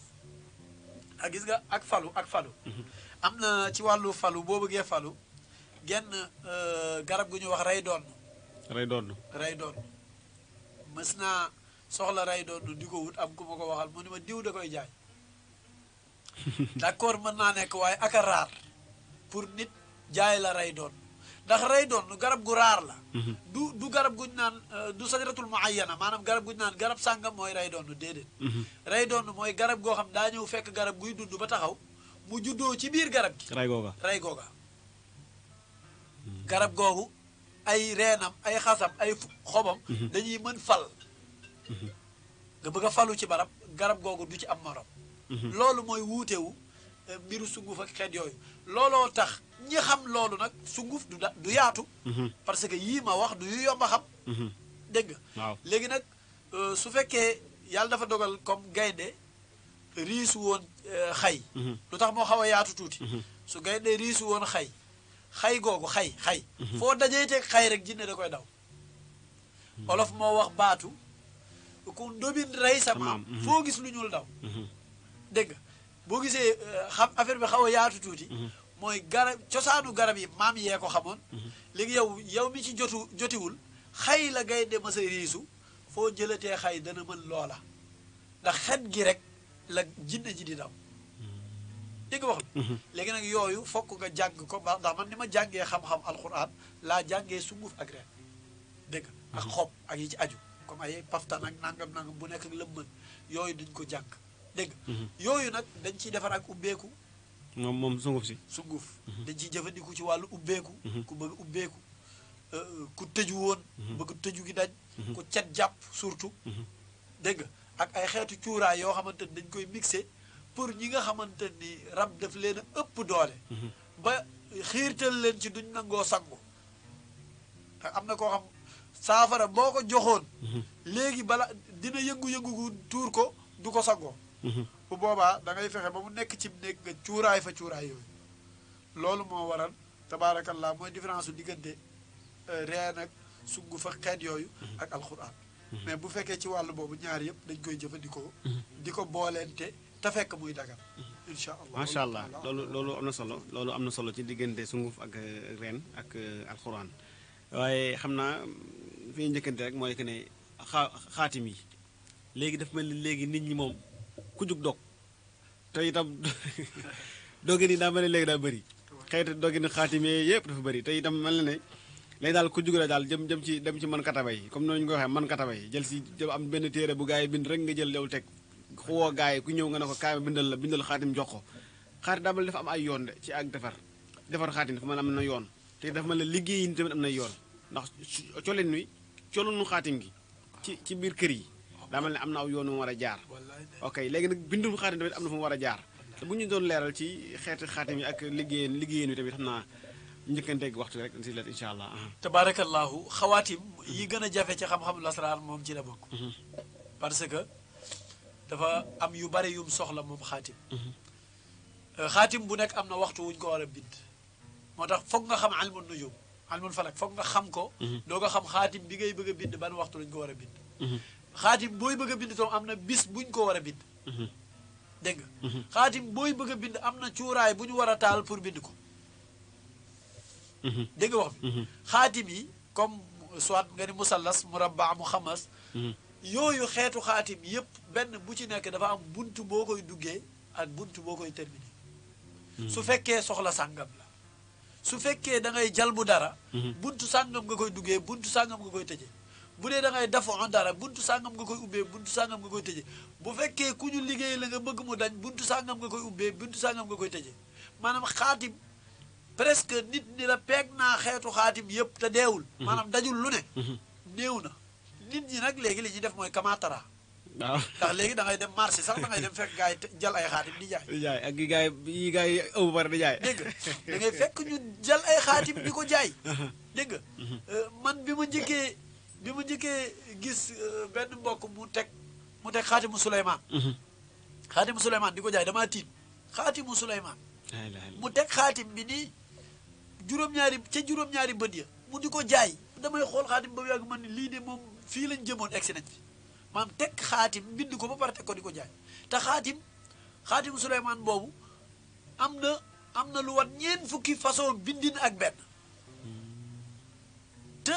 ak ah, gis nga ak falu ak falu mhm. am na ci wàllu falu boo bëggee falu genn euh, garab gu ñu wax rey doon rey doon rey doon mës naa soxla rey doon di ko wut am ku ma ko waxal mu ni ma diw da koy jaay d'accord mën naa nekk waaye ak raar pour nit jaay la rey doon ndax rey raydoon garab gu raar la mhm. du du garab guñ naan euh, du sajaratul muayyana maanaam garab guñ naan garab sàngam mooy raydoon déedéet mhm. raydoon mooy garab goo xam daa ñëw fekk garab guy dund ba taxaw mu juddoo ci biir garab gi ray googa ray googa mhm. googu ay reenam ay xasam ay xobam dañuy mën fal nga bëgg falu ci barab garab googu du ci am morom loolu mooy wuutewu euh, mbiru sunguf ak xeet yooyu looloo tax ñi xam loolu nag sunguf du da du yaatu. Mhm. parce que yii ma wax du yu yomb a xam. Mhm. dégg waaw léegi nag euh, su fekkee yàlla dafa dogal comme gaynde riisu woon euh, xay. Mhm. lu tax moo xaw yaatu tuuti. su gaynde riisu woon xay xay googu xay xay. foo dajee teg xay rek jinne da koy daw. olof moo wax baatu ku ndobin rey sa maam foo gis lu ñuul daw. dégg boo gisee euh, xam affaire bi xaw a yaatu tuuti. Mhm. mooy garab cosaanu garab yi maam yee ko xamoon. Mhm. léegi yow yow mi ci jotu jotiwul xay la ngay dem sa riisu foo jëlatee xay dana mën loola ndax xet gi rek la jinne ji di daw. Mhm. dégg nga wax léegi nag yooyu fokk nga jàng ko ba ndax man ni ma jàngee xam-xam alxuraan laa jàngee sunguf ak reen dégg ak xob ak yi ci aju comme ay paftan ak nangam-nangam bu nekk ak lëmbën yooyu dañ ko jàng. dégg yooyu nag dañ ciy defar ak ubbeeku moom moom sunguf si sunguf mhm. dañ ciy jëfandiku ci wàllu ubbeeku mhm. ku bëgg ubbeeku euh, euh, ku tëju woon mhm. bëgg tëju gi dañ ku cat jàpp surtout dégg ak ay xeetu cuuraay yoo xamante ni dañ koy mixé pour ñi nga xamante ni rab daf leen a ëpp doole ba xiirtal leen ci duñ nangoo sangu ndax am na koo xam saafara boo ko joxoon léegi bala dina yëngu-yëngu tuur ko du ko sangoo Mm-hmm. bu boobaa da ngay fexe ba mu nekk ci néeg nga cuuraay fa cuuraay yooyu loolu moo waral tabaarakallaa mooy différence diggante euh, reen ak sugg fa xeet yooyu mm-hmm. ak alxuraan mm-hmm. mais bu fekkee ci wàllu boobu ñaar yëpp dañ koy jëfandikoo di ko booleente te fekk muy dagar incha allah macha allah loolu loolu am na solo loolu am na solo ci diggante sunguf ak euh, reen ak euh, alxuraan waaye xam naa fi njëkkante rek mooy que ne xaa xaatim yi léegi daf mel ni léegi nit ñi moom ku jug dog te itam doge ni daa mel ne léegi daa bëri xeetu doge ni xaatime yëpp dafa bëri te itam man na ne léegi daal ku jug la daal jëm jëm ci dem ci man kataba yi comme noonu ñu ko waxee man kataba yi jël si jël am benn téere bu gaa yi bind rek nga jël yow teg xoo ku ñëw nga ne ko kaay bindal la bindal xaatim jox ko xaatim daa mel dafa am ay yoon de ci ak defar defar xaatim dafa mel am na yoon te dafa mel ne liggéey yi tamit am na yoon ndax colin wi colinu xaatim gi ci ci biir kër yi daa mel ne am na aw yoonu mu war a jaar ok léegi nag bindum xaatim tamit am na fu mu war a jaar te bu ñu doon leeral ci xeet xaatim yi ak liggéeyeen liggéeyeen bi tamit xam naa njëkkanteeg waxtu rek si la incha allah tabarakallahu xawaatim yi gën a jafe ci xam-xam lasraar moom ci la bokk mhm. parce que dafa am yu bari yum soxla moom xaatim mhm. euh, xaatim bu nekk am na waxtu wuñ ko war a bind moo tax foog nga xam almun nujum almun falak foog nga xam ko mhm. doo nga xam xaatim bi ngay bëgg a bind ban waxtu lañ ko war a bind xaatim booy bëgg a bind itam am na bis buñ ko war a bind mhm. dégg nga mhm. xaatim booy bëgg a bind am na cuuraay bu ñu war a taal pour bind ko mhm. dégg nga wax bi xaatim yi comme soit nga ni musallas murabba mu xamas yooyu xeetu xaatim yëpp benn bu ci nekk dafa am bunt boo koy duggee ak bunt boo koy terminé su fekkee soxla sàngam la su fekkee da ngay bu dara buntu sàngam nga koy duggee bunt sàngam nga koy tëjee bu dee da ngay defoon dara buntu sàngam nga koy ubbee buntu sàngam nga koy tëjee bu fekkee ku ñu liggéey la nga bëgg mu dañ buntu sàngam nga koy ubbee buntu sàngam nga koy tëjee maanaam xaatim presque nit la peeg naa xeetu xaatim yëpp te deewul mhm. maanaam dajul lu ne mhm. néew na nit ñi nag léegi li ñuy def mooy kamaatara waaw ah. ndax léegi da ngay dem marché sax da ngay dem fekk gars yi jël ay xaatim di jaay. di jaay ak gars yi yi gars yi ëw bari di jaay. dégg da ngay fekk ñu jël ay xaatim di ko jaay. Mhm. Euh, man bi ma njëkkee. bi mu njëkkee gis euh, benn mbokk mu teg mu teg xaatimu Souleymane. Mhm. xaatimu Souleymane di ko jaay dama tiit xaatimu Souleymane. mu teg xaatim bi ni juróom-ñaari ca juróom-ñaari bët ya mu di ko jaay damay xool xaatim ba mu yàgg man lii de moom fii lañ jëmoon egsi nañ fi maam teg xaatim bind ko ba pare teg ko di ko jaay te xaatim xaatimu Souleymane boobu am na am na lu wat ñeen fukki façon bindin ak benn hmm. te.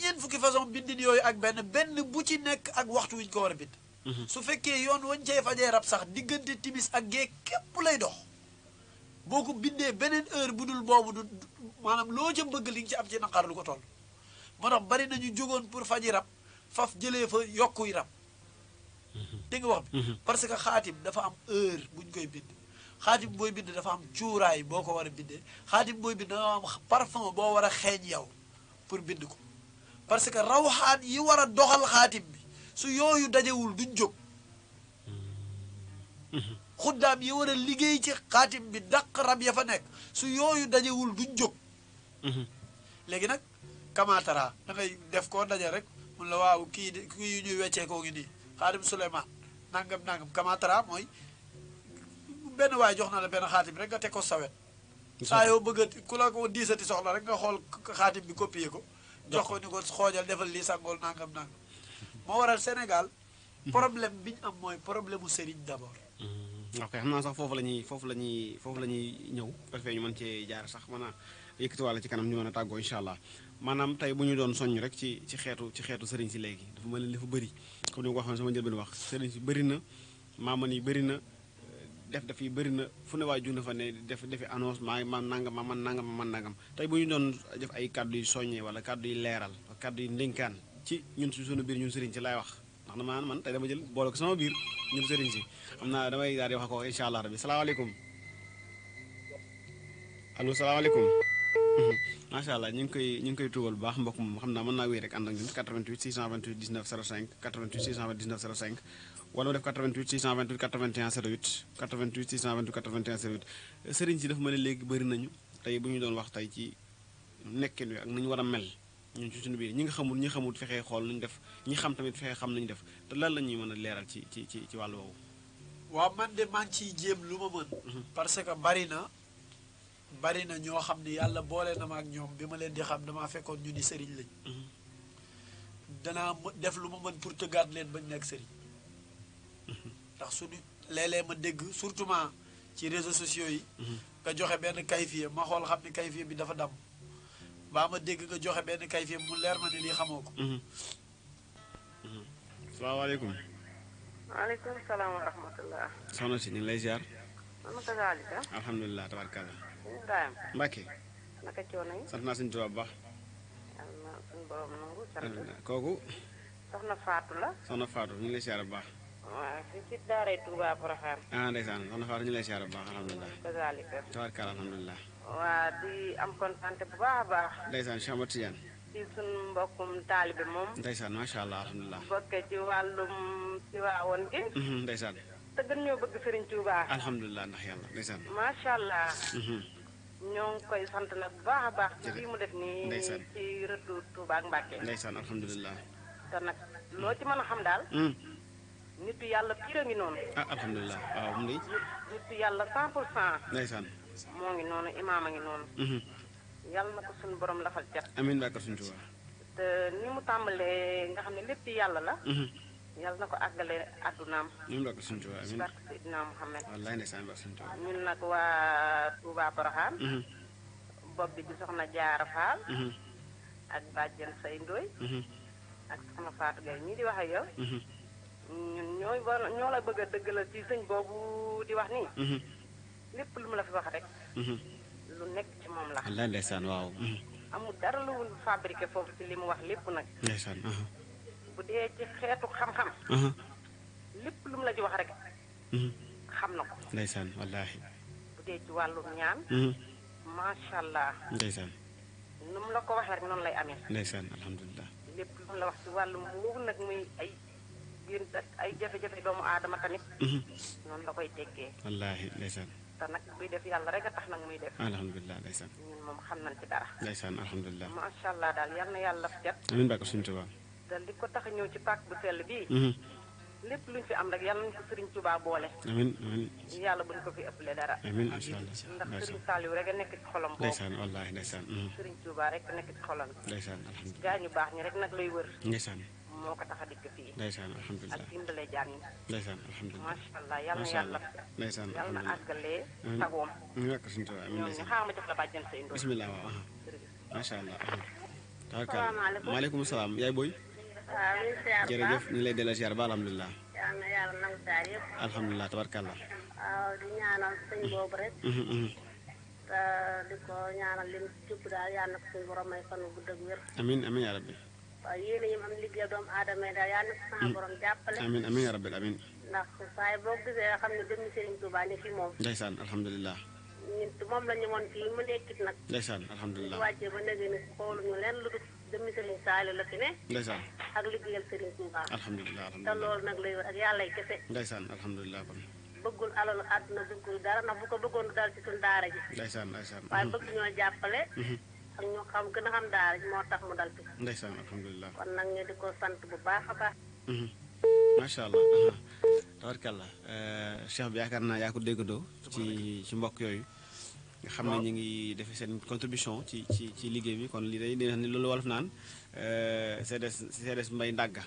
ñeent fukki façon bind yooyu ak benn benn bu ci nekk ak waxtu wi ñu ko war a bind. Mhm. su fekkee yoon wañ cay fajee rab sax diggante tibis ak gee képp lay dox boo ko bindee beneen heure bu dul boobu du maanaam loo ca bëgg li nga ci am ci naqar lu ko toll. moo tax bari nañu jógoon pour faji rab faf jëlee fa yokkuy rab. Mhm. dégg nga wax bi. Mhm. parce que xaatim dafa am heure buñ koy bind. xaatim booy bind dafa am cuuraay boo ko war a bindee xaatim booy bind dafa am parfum boo war a xeeñ yow pour bind ko. parce que rawxaan yi wara doxal khatib bi su yoyu dajewul duñ jóg khuddam yi wara a liggéey ci khatib bi dak rab ya fa nek su yoyu dajewul duñ jóg nak kama tara da ngay def ko dajé rek mun la waaw kii ki yu ñuy weccee koo ngi ni xaatim sulayman nangam nangam tara moy ben way jox na la ben khatib rek ga teg ko sawet sa yo bëgg ku la ko diisati soxla rek nga xol khatib bi copier ko jox ko ni ko xoojal defal lii sangool nangam nangam moo waral Sénégal mhm. problème bi ñu am mooy problème mu sëriñ d'abord. Mhm. ok xam naa sax foofu la ñuy foofu la ñuy foofu la ñuy ñëw parfait ñu mën cee jaar sax mën a yëkkatiwaale ci kanam ñu mën a tàggoo incha allah maanaam bu ñu doon soññ rek ci ci xeetu ci xeetu sëriñ si léegi dafa mel ni dafa bëri comme ni ma ko waxoon sama njëlbeen wax sëriñ si bëri na yi bëri na. def daf yi bëri na fu ne waay juna fa ne def defi annonce maa man nangam ma man nangam ma man nangam tey bu ñu doon def ay kàddu yu soññee wala kàddu yu leeral kàddu yu ndénkaan ci ñun si sunu biir ñun sëriñ si laay wax ndax na maan man tey jël boole ko sama biir ñun sëriñ si xam naa damay daal di wax ko incha allah rabbi salaamaaleykum allo salaamaaleykum macha allah ñu ngi koy ñu ngi koy tuubal bu baax mbokk moom xam naa mën naa wéy rek ànd ak ñun 88 628 19 05 88 629 05 wala def 88 628 81 88 628 81 08 sëriñ si daf ma ne nañu tey doon wax ci ak mel ñun nga xamul ñi xamul fexee xool nañu def ñi xam tamit fexee xam nañu def te lan la ñuy mën ci ci ci ci man de maa ngi ciy jéem mën mhm. parce que bari na bari na ñoo xam ni boole na ma ak leen di xam ñu lañ mhm. def ndax su léeg-léeg ma dégg surtout ci réseaux sociaux yi. Mhm. nga joxe benn kayfiye ma xool xam ne kayfiye bi dafa dam baa ma dégg nga joxe benn kayfiye mu leer ma ne lii xamoo ko. Mhm. Mhm. salaamaaleykum. maaleykum salaam wa si ñu ngi lay ziar. alhamdulilah tabarkalla. Mbacke. sant naa suñu tubaab bu baax. kooku. soxna Fatou la. soxna Fatou ñu ngi lay ziar bu baax. waaw fii ci daaray Touba Porokhane. ah ndeysaan soxna Fatou ñu lay siyaar bu baax alhamdulilah. kazaalika. tabarkalla alhamdulilah. waa di am kontaante bu baax a baax. ndeysaan Cheikh Amadou Tidiane. ci sunu mbokkum taalibe moom. ndeysaan macha allah alhamdulilah. bokkee ci wàllum ci waawoon gi. Mhm, ndeysaan. te gën ñoo bëgg Serigne Touba. alhamdulilah ndax yàlla ndeysaan. macha allah. Mhm. ñoo ngi koy sant nag bu baax a baax. ci lii mu def nii ci rëddu Touba ak Mbacke. nitu yàlla pire ngi noonu. ah alhamdulilah waaw mu ngi. nitu yàlla 100 pour cent. ndeysaan. moo ngi noonu imaam a ngi noonu. Mhm. yàlla na ko suñu borom lafal cat. amiin baakar suñu Tuubaa. te ni mu tàmbalee nga xam ne lépp yàlla la. Mhm. yàlla na ko àggale àddunaam. amiin baakar suñu Tuubaa amiin barke Seydina Muhammad. wallaay ndeysaan baakar suñu Tuubaa. ñun nag waa Touba Poroxaan. Mhm. bopp bi di soxna Jaara Faal. ak bàjjen say ndooy. ak soxna Fatou Gueye ñii di wax ak ñun ñooy war ñoo la bëgg a dëggalal ci sëñ boobu di wax nii. Mhm. lépp lu mu la fi wax rek. Mhm. lu nekk ci moom la. wallaahi ndeysaan waaw. Mhm. amul dara lu wul foofu ci li mu wax lépp nag. ndeysaan. bu dee ci xeetu xam lépp lu la ci wax rek. xam na ko. ndeysaan wallaahi. bu dee ci wàllum ñaan. macha allah. ndeysaan. nu mu la ko waxee rek noonu lay amee. ndeysaan alhamdulilah. lépp lu mu la wax ci wàllum woowu nag muy ay. biir ay jafe-jafe mhm. la koy teggee. wallaahi ndeysaan. te nag a tax na yàlla def jot. amiin bàkk suñu Tuubaa. te li ko tax a ñëw ci pàkk bu sell bii. Mhm. lépp luñ fi am rek yal nañ ko Serigne Touba boole. amiin amiin. yàlla buñ ko fi ëppale dara. amiin incha allah ndax Serigne Saliou rek a nekk ci xolam boobu. ndeysaan wallaahi ndeysaan. Mhm. Serigne Touba rek a nekk ci xolam. ndeysaan alhamdulilah. gaa ñu baax ñi rek nag lay wër. ndeysaan. moo ko tax a dikk fii. ndeysaan alhamdulilah ak ma jox la bàjjan sa na yàlla nangu saa yëpp. alhamdulilah tabarkallah. waaw waaw yéen a am liggéey doomu aadama yi daal yàlla na sama mm. borom jàppale. amiin amiin yaa rabbil ndax saa yi boo gisee xam ne jëmmi Serigne Touba fi moom. ndeysaan alhamdulilah. ñun moom la woon fii mu nekkit nag. ndeysaan alhamdulilah wàccee fi ne. ndeysaan ak liggéeyal Serigne Touba. alhamdulilah te loolu nag lay ak yàlla ay kese. ndeysaan alhamdulilah kon. bëggul alalu àdduna dara ndax bu ko bëggoon dal ci suñu daara ji. ndeysaan ndeysaan waaye mm-hmm. bëgg ñoo jàppale. Mm-hmm. ak ñu xam gën a xam daara moo tax mu dal fi ndeysaan alhamdulilah kon nag ñu di ko sant bu baax a baax mhm. masha allah tabarkallah eh, cheikh bi yaakaar naa yaa ko déggandoo ci ci mbokk yooyu nga xam ne ñu ngi defe seen contribution ci ci ci liggéey bi kon li day dina ni loolu wolof naan CDS CDS mbay ndàgga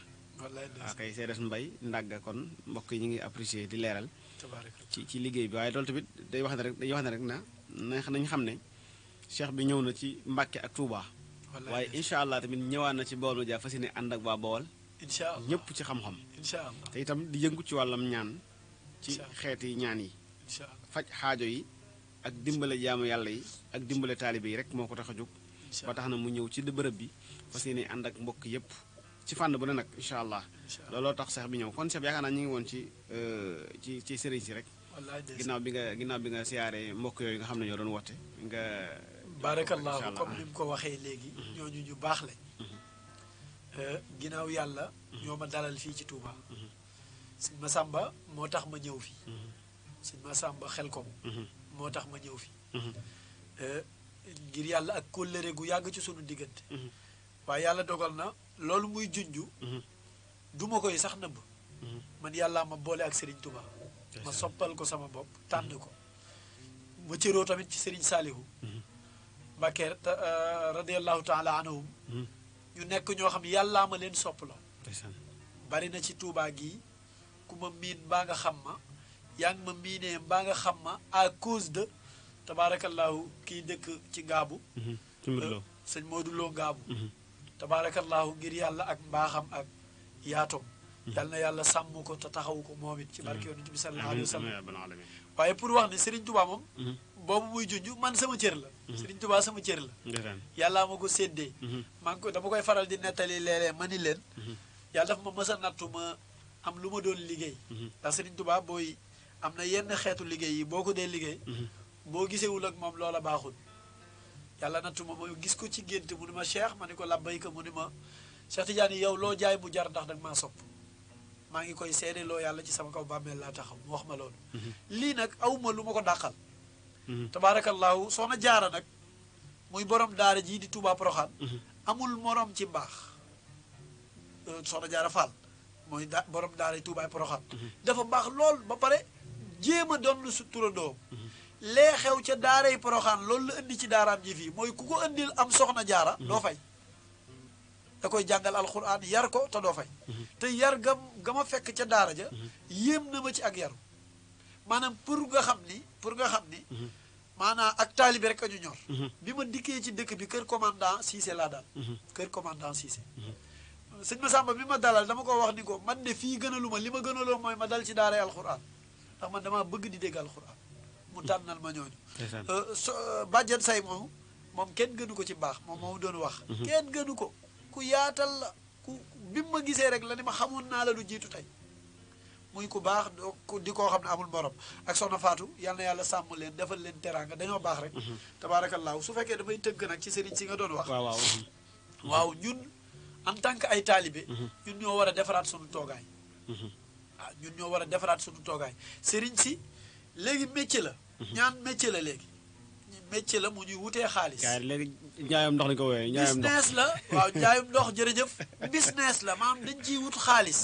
Ah, kay CDS mbay ndàgga kon mbokk yi ñu ngi apprécier di leeral ci ci liggéey bi waaye loolu tamit day wax ne rek day wax ne rek na nañ xam ne cheikh bi ñew na ci mbacke ak touba waye inshallah tamit ñëwaat na ci bool ma jaa fas yéene ànd ak waa bool ñëpp ci xam-xam inshallah te itam di yëngu ci walam ñaan ci xeeti ñaan yi inshallah faj haajo yi ak dimbalé jaamu yalla yi ak dimbalé talibé yi rek moko ko tax ba taxna mu ñew ci bërëb bi fasine and ak mbokk yépp ci fànn bu ne nak inshallah lolo tax cheikh bi ñew kon cheikh yaaka na ñi ngi won euh, ci ci ci serigne ci rek ginaaw bi nga ginaaw bi nga siaré mbokk yoy nga xamna ñoo doon woté nga baarakallaahu comme ni mu ko waxee léegi mhm. ñooñu ñu baax lañ mhm. euh, ginnaaw yàlla mhm. ñoo ma dalal fii ci Touba sëñ Massamba moo tax ma ñëw fii sëñ Massamba xel ko moo tax ma ñëw fii euh, ngir yàlla ak kóllëre gu yàgg ci sunu diggante waaye yàlla dogal na loolu muy junju du koy sax nëbb man yàllaa ma boole ak sëriñ Touba ma soppal ko sama bopp tànn ko ma cëroo tamit ci sëriñ Saalihu Mbacké eh, radiyallahu ta'ala anhum hmm. ñu nek ñoo xam yalla ma leen sopp la bari na ci Touba gi ku ma miin mbaa nga xam ma yaa ngi ma miné ba nga xam ma à cause de tabarakallah ki dekk ci ngaabu mhm. euh, sëñ Modou Lo ngaabu mhm. tabarakallah ngir yalla ak mbaaxam ak yal yalla mhm. yàlla ko ta taxaw ko momit ci barke yonu bi sallallahu alayhi wasallam waye pour wax ni Serigne Touba boobu muy junj man sama cër la. Mhm. Sëriñ Tuubaa sama cër la. yàllaa ma ko séddee. Mhm. maa ngi ko dama koy faral di nettali léeg-léeg ma ni leen. Mhm. yàlla dafa ma mës a nattu ma am lu ma doon liggéey. ndax booy am na yenn xeetu liggéey yi boo ko dee liggéey. boo gisewul ak moom loola baaxul. yàlla nattu ma ma gis ko ci gént mu ni ma Cheikh ma ne ko labbayka mu ne ma Cheikh Tidiane yow loo jaay mu jar ndax danga maa sopp maa ngi koy seede loo yàlla ci sama kaw bàmmeel laa taxaw mu wax ma loolu. lii nag awma lu ma ko dàqal. Mhm. tabaarakallaahu soxna jaara nag muy borom daara jii di tuubaa Poroxaan mhm. amul morom ci mbaax euh, soxna jaara Fall mooy da borom daara yi Touba Poroxaan mhm. dafa baax lool ba pare jéem a doon lu su turandoom lee xew ca daara yi Poroxaan loolu la indi ci daaraam ji fii mooy ku ko indi am soxna jaara doo fay da koy jàngal alxuraan yar ko te doo fay te yar gam gama fekk ca daara ja yéem na ma ci ak yaru maanaam pour nga xam ni pour nga xam ni maanaa ak taalibi rek a ñu ñor. Mhm. bi ma dikkee ci dëkk bi kër commandant Cissé laa daal. Mhm. kër commandant Cissé. Mhm. sëñ Massamba bi ma dalal dama ko wax ni ko man de fii gënaluma li ma gënaloo mooy ma dal ci daaray alxuraan ndax man damaa bëgg di dégg alxuraan. mu tànnal ma ñooñu. Euh, so euh, bàjjen say moom moom kenn gënu ko ci baax moom moo doon wax. kenn gënu ko ku yaatal la ku bi ma gisee rek la ni ma xamoon naa la lu jiitu tey. muy ko baax di koo xam ne amul morom ak soxna Fatou yal na yàlla sàmm leen defal leen teraanga dañoo baax rek mhm. tabaarakallaahu su fekkee damay tëgg nag ci sëriñ si nga doon wax waaw mhm. ñun en tant que ay taalibe mhm. ñun ñoo war a defaraat suñu toogaay ah ñun ñoo war a defaraat suñu toogaay sëriñ si léegi métier la ñaan métier la léegi métier la mu ñuy wutee xaalis léegi njaayam ndox ni ko woowee business la waaw njaayam jërëjëf business la maanaam dañ ci wut xaalis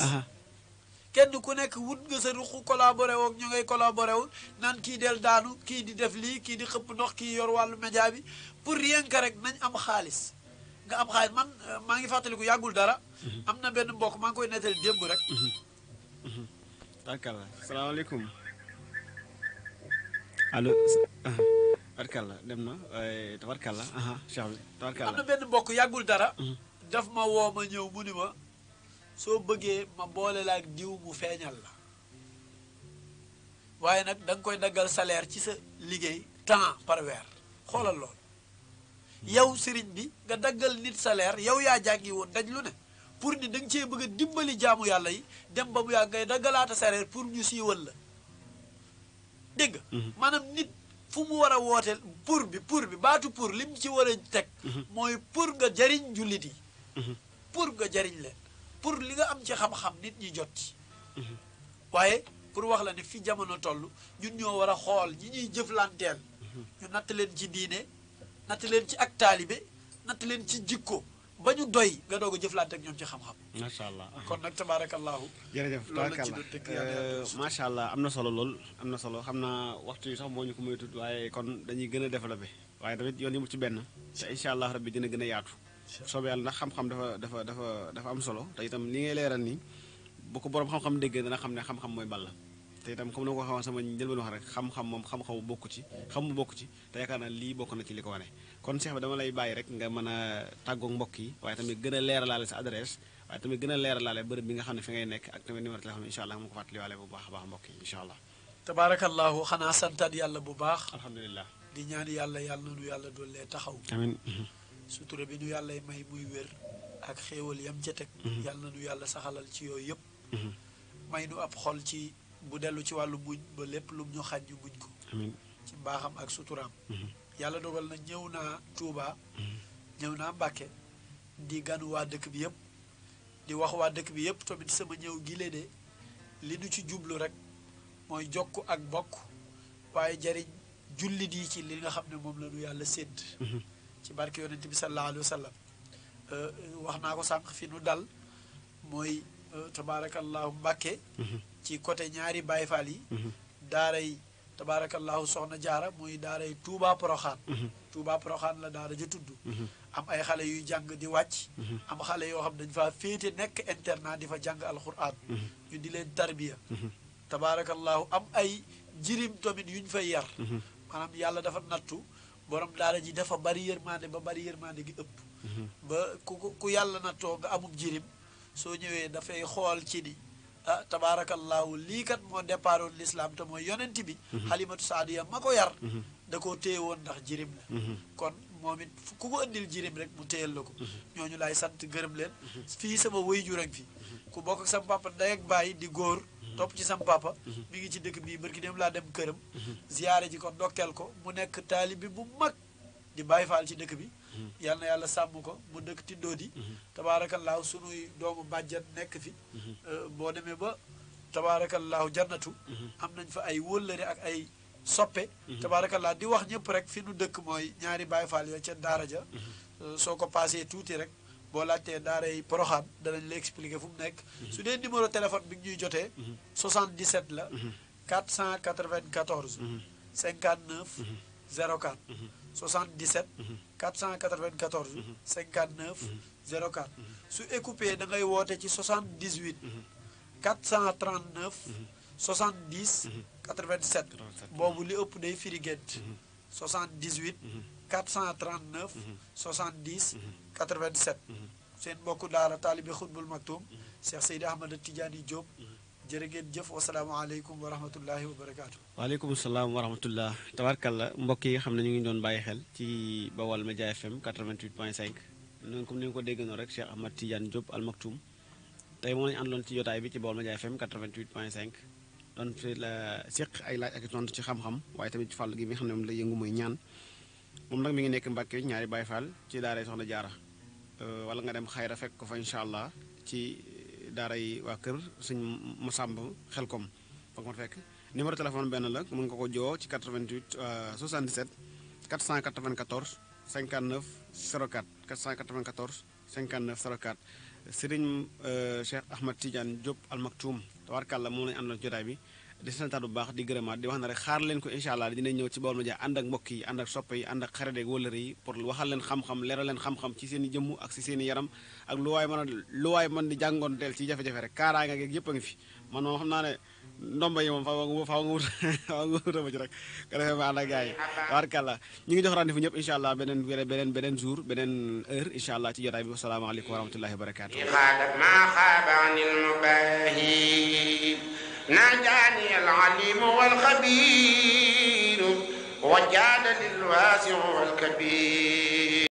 kenn ku nekk wut nga sa ruq collaboré woog ñu ngay collaboré naan kii del daanu kii di def lii kii di xëpp ndox kii yor wàllu média bi pour rien que rek nañ am xaalis nga am xaalis man euh, maa ngi fàttaliku yàggul dara mhm. am na benn mbokk maa ngi koy nettali démb rek mhm. mhm. arkalla salaamaaleykum allo tabarkalla ah, dem na tabarkalla aha cheikh yàggul dara daf ma woo ma ñëw mu ni ma soo bëggee ma boole la ak diw mu feeñal la waaye nag danga koy daggal salaire ci sa liggéey temps parweer xoolal lool yow sëriñ bi nga daggal nit salaire yow yaa jàngi woon daj lu ne pour ni da cee bëgg dimbali jaamu yàlla yi dem ba mu yaa ngay daggalaata salaire pour ñu siiwal la dégg mhm. maanaam nit fu mu war a wooteel pour bi pour bi baatu pour lim ci war a teg mhm. mooy pour nga jariñ njulit yi mhm. pour nga jariñ leen pour li nga am ci xam-xam nit ñi jot ci mhm. waaye pour wax la ne fi jamono toll ñun ñoo war a xool ñi ñuy jëflanteel mhm. ñu natt leen ci diine natt leen ci ak taalibe natt leen ci jikko ba ñu doy nga doog a jëflante ak ñoom ci xam-xam. macha allah kon nag tabaarakallaahu. jërëjëf tabaarakallaahu euh, macha allah am na solo lool am na solo xam naa waxtu yi sax moo ñu ko moytu waaye kon dañuy gën a développé waaye tamit yoon yi mu ci benn te incha allah rabbi dina gën a yaatu. soobee yàlla ndax xam-xam dafa dafa dafa dafa am solo te itam li ngay leeral nii bu ko boroom xam-xam déggee dana xam ne xam-xam mooy balla te itam comme na ko xam-xam moom xam-xamu bokku ci xamu bokku ci te yaakaar naa lii bokk na ci li ko wane kon Cheikh bi dama lay bàyyi rek nga mën a tàggoog mbokk a leeralaale sa adresse waaye tamit xam ne fi ngay nekk ak tamit numéro téléphone bu baax a baax mbokk yi incha allah tabaarakallaahu xanaa santaat yàlla bu baax alhamdulilah di ñaan yàlla yàlla nanu yàlla doolu taxaw sutura bi nu yàllay may muy wér ak xéewal yam ca mhm. yàlla na nu yàlla saxalal ci yooyu yëpp mhm. may nu ab xol ci bu dellu ci wàllu muñ ba lépp lum ñu xañ ñu muñ ko ci mbaaxam ak suturaam mhm. yàlla dogal na ñëw naa Tuubaa ñëw naa Mbàkke di gan waa dëkk bi yëpp di wax waa dëkk bi yëpp tamit sama ñëw gile de li nu ci jublu rek mooy jokk ak bokk waaye jariñ jullit yi ci li nga xam ne moom la nu yàlla sédd ci barke yonent bi sallallahu alayhi wa sallam euh, wax naa ko sànq fi nu dal mooy euh, tabaarakallahu mbàkke mhm. ci côté ñaari Baay Faal yi mhm. daaray tabaarakallahu soxna jaara muy daaray Touba Poroxaan mhm. Touba Poroxaan la daara ja tudd am ay xale yuy jàng di wàcc am xale yoo xam dañ fa féete nekk internat di fa jàng alxuraan ñu di leen tarbiya tabaarakallahu am ay jirim tamit yuñ fay yar maanaam yàlla dafa nattu borom daara ji dafa bari yërmande ba bari yërmande gi ëpp mhm. ba ku ku yàlla na toog nga amub jirim soo ñëwee dafay xool ci ni ah tabaarakallaahu lii kat moo départoon lislaam te mooy yonent bi mhm. xalimatu saadiya ma ko yar mhm. da koo téye woon ndax jirim la kon moom it ku ko indil jirim rek mu téyel la ko ñooñu laay sant gërëm leen fii sama wëy ju rek fi ku bokk ak sama papa ndey ak bàyyi di góor topp ci sam papa mhm. mi ngi ci dëkk bii bërki dem laa dem këram mhm. ziyaare ji ko ndokkeel ko mu nekk taalib bi bu mag di bàyyi faal ci dëkk bi mhm. yàlla na yàlla sàmm ko mu dëkk tindoo di tabaarakallaahu sunuy doomu bàjjan nekk fi euh, boo demee ba tabaarakallaahu jannatu am nañ fa ay wóllëre ak ay soppe tabaarakallaahu di wax ñëpp rek fi nu dëkk mooy ñaari bàyyi faal ya ca daara ja euh, soo ko paasee tuuti rek boo laajtee daara yi Porokhane danañ la expliquer fu mu nekk. Mhm. su dee numéro téléphone bi ñuy jotee. 77 mhm. la. 494. 59. 04. 77. 494. 59. 04 su écoupé da woote ci 78. 439. 70. 87 boobu li ëpp day firi gént. 78. Mhm. 439. 70. 87. seen mbokku daara taalibe xutbul maktum. Mhm. Cheikh Seydi Ahmad Tidiane Diop. Mhm. jërë ngeen jëf wasalaamaaleykum wa rahmatullahi wa barakaatu. waaleykum salaam wa rahmatullah tabarkalla mbokk yi xam ne ñu ngi doon bàyyi xel ci Bawal Média FM 88.5. noonu comme ni nga ko déggandoo rek Cheikh Ahmad Tidiane Diop al maktum tey moo ñu àndaloon ci jotaay bi ci Bawal Média FM 88.5. doon fi la seq ay laaj ak ci xam-xam waaye tamit ci fàll gi nga xam ne yëngu mooy ñaan. moom nag mi ngi nekk Mbàkke ñaari Baay Faal ci daara daaray soxna jaara euh, wala nga dem xayra fekk ko fa incha allah ci daara yi waa kër suñ Masàmb Xelkom foog ma fekk numéro téléphone benn la mën nga ko joo ci 88 77 494 59 04 494 59 04 Sëriñ Cheikh Ahmad Tidiane Diop Al Maktoum tabaarkàlla moom la ñu àndoon jotaay bi. di santaat bu baax di gërëmaat di wax na rek xaar leen ko incha allah dinañ ñëw ci Baol Médias ànd ak mbokk yi ànd yi ànd ak xarade ak wëllëre yi pour waxal leen xam-xam leeral leen xam-xam ci seen i jëmm ak ci seen i yaram ak lu waay mën di jàngoon del ci jafe-jafe rek kaaraange ak yëpp fi man moom xam naa ne ndomba yi moom faaw faaw nga wut faaw nga wut ma ci rek ko defee ma ànd ak gars ñu ngi jox rendez-vous ñëpp incha allah beneen beneen beneen jour beneen heure incha allah ci jotaay bi wasalaamaaleykum wa rahmatullahi wa barakatuh نجاني العليم والخبير وجعل للواسع والكبير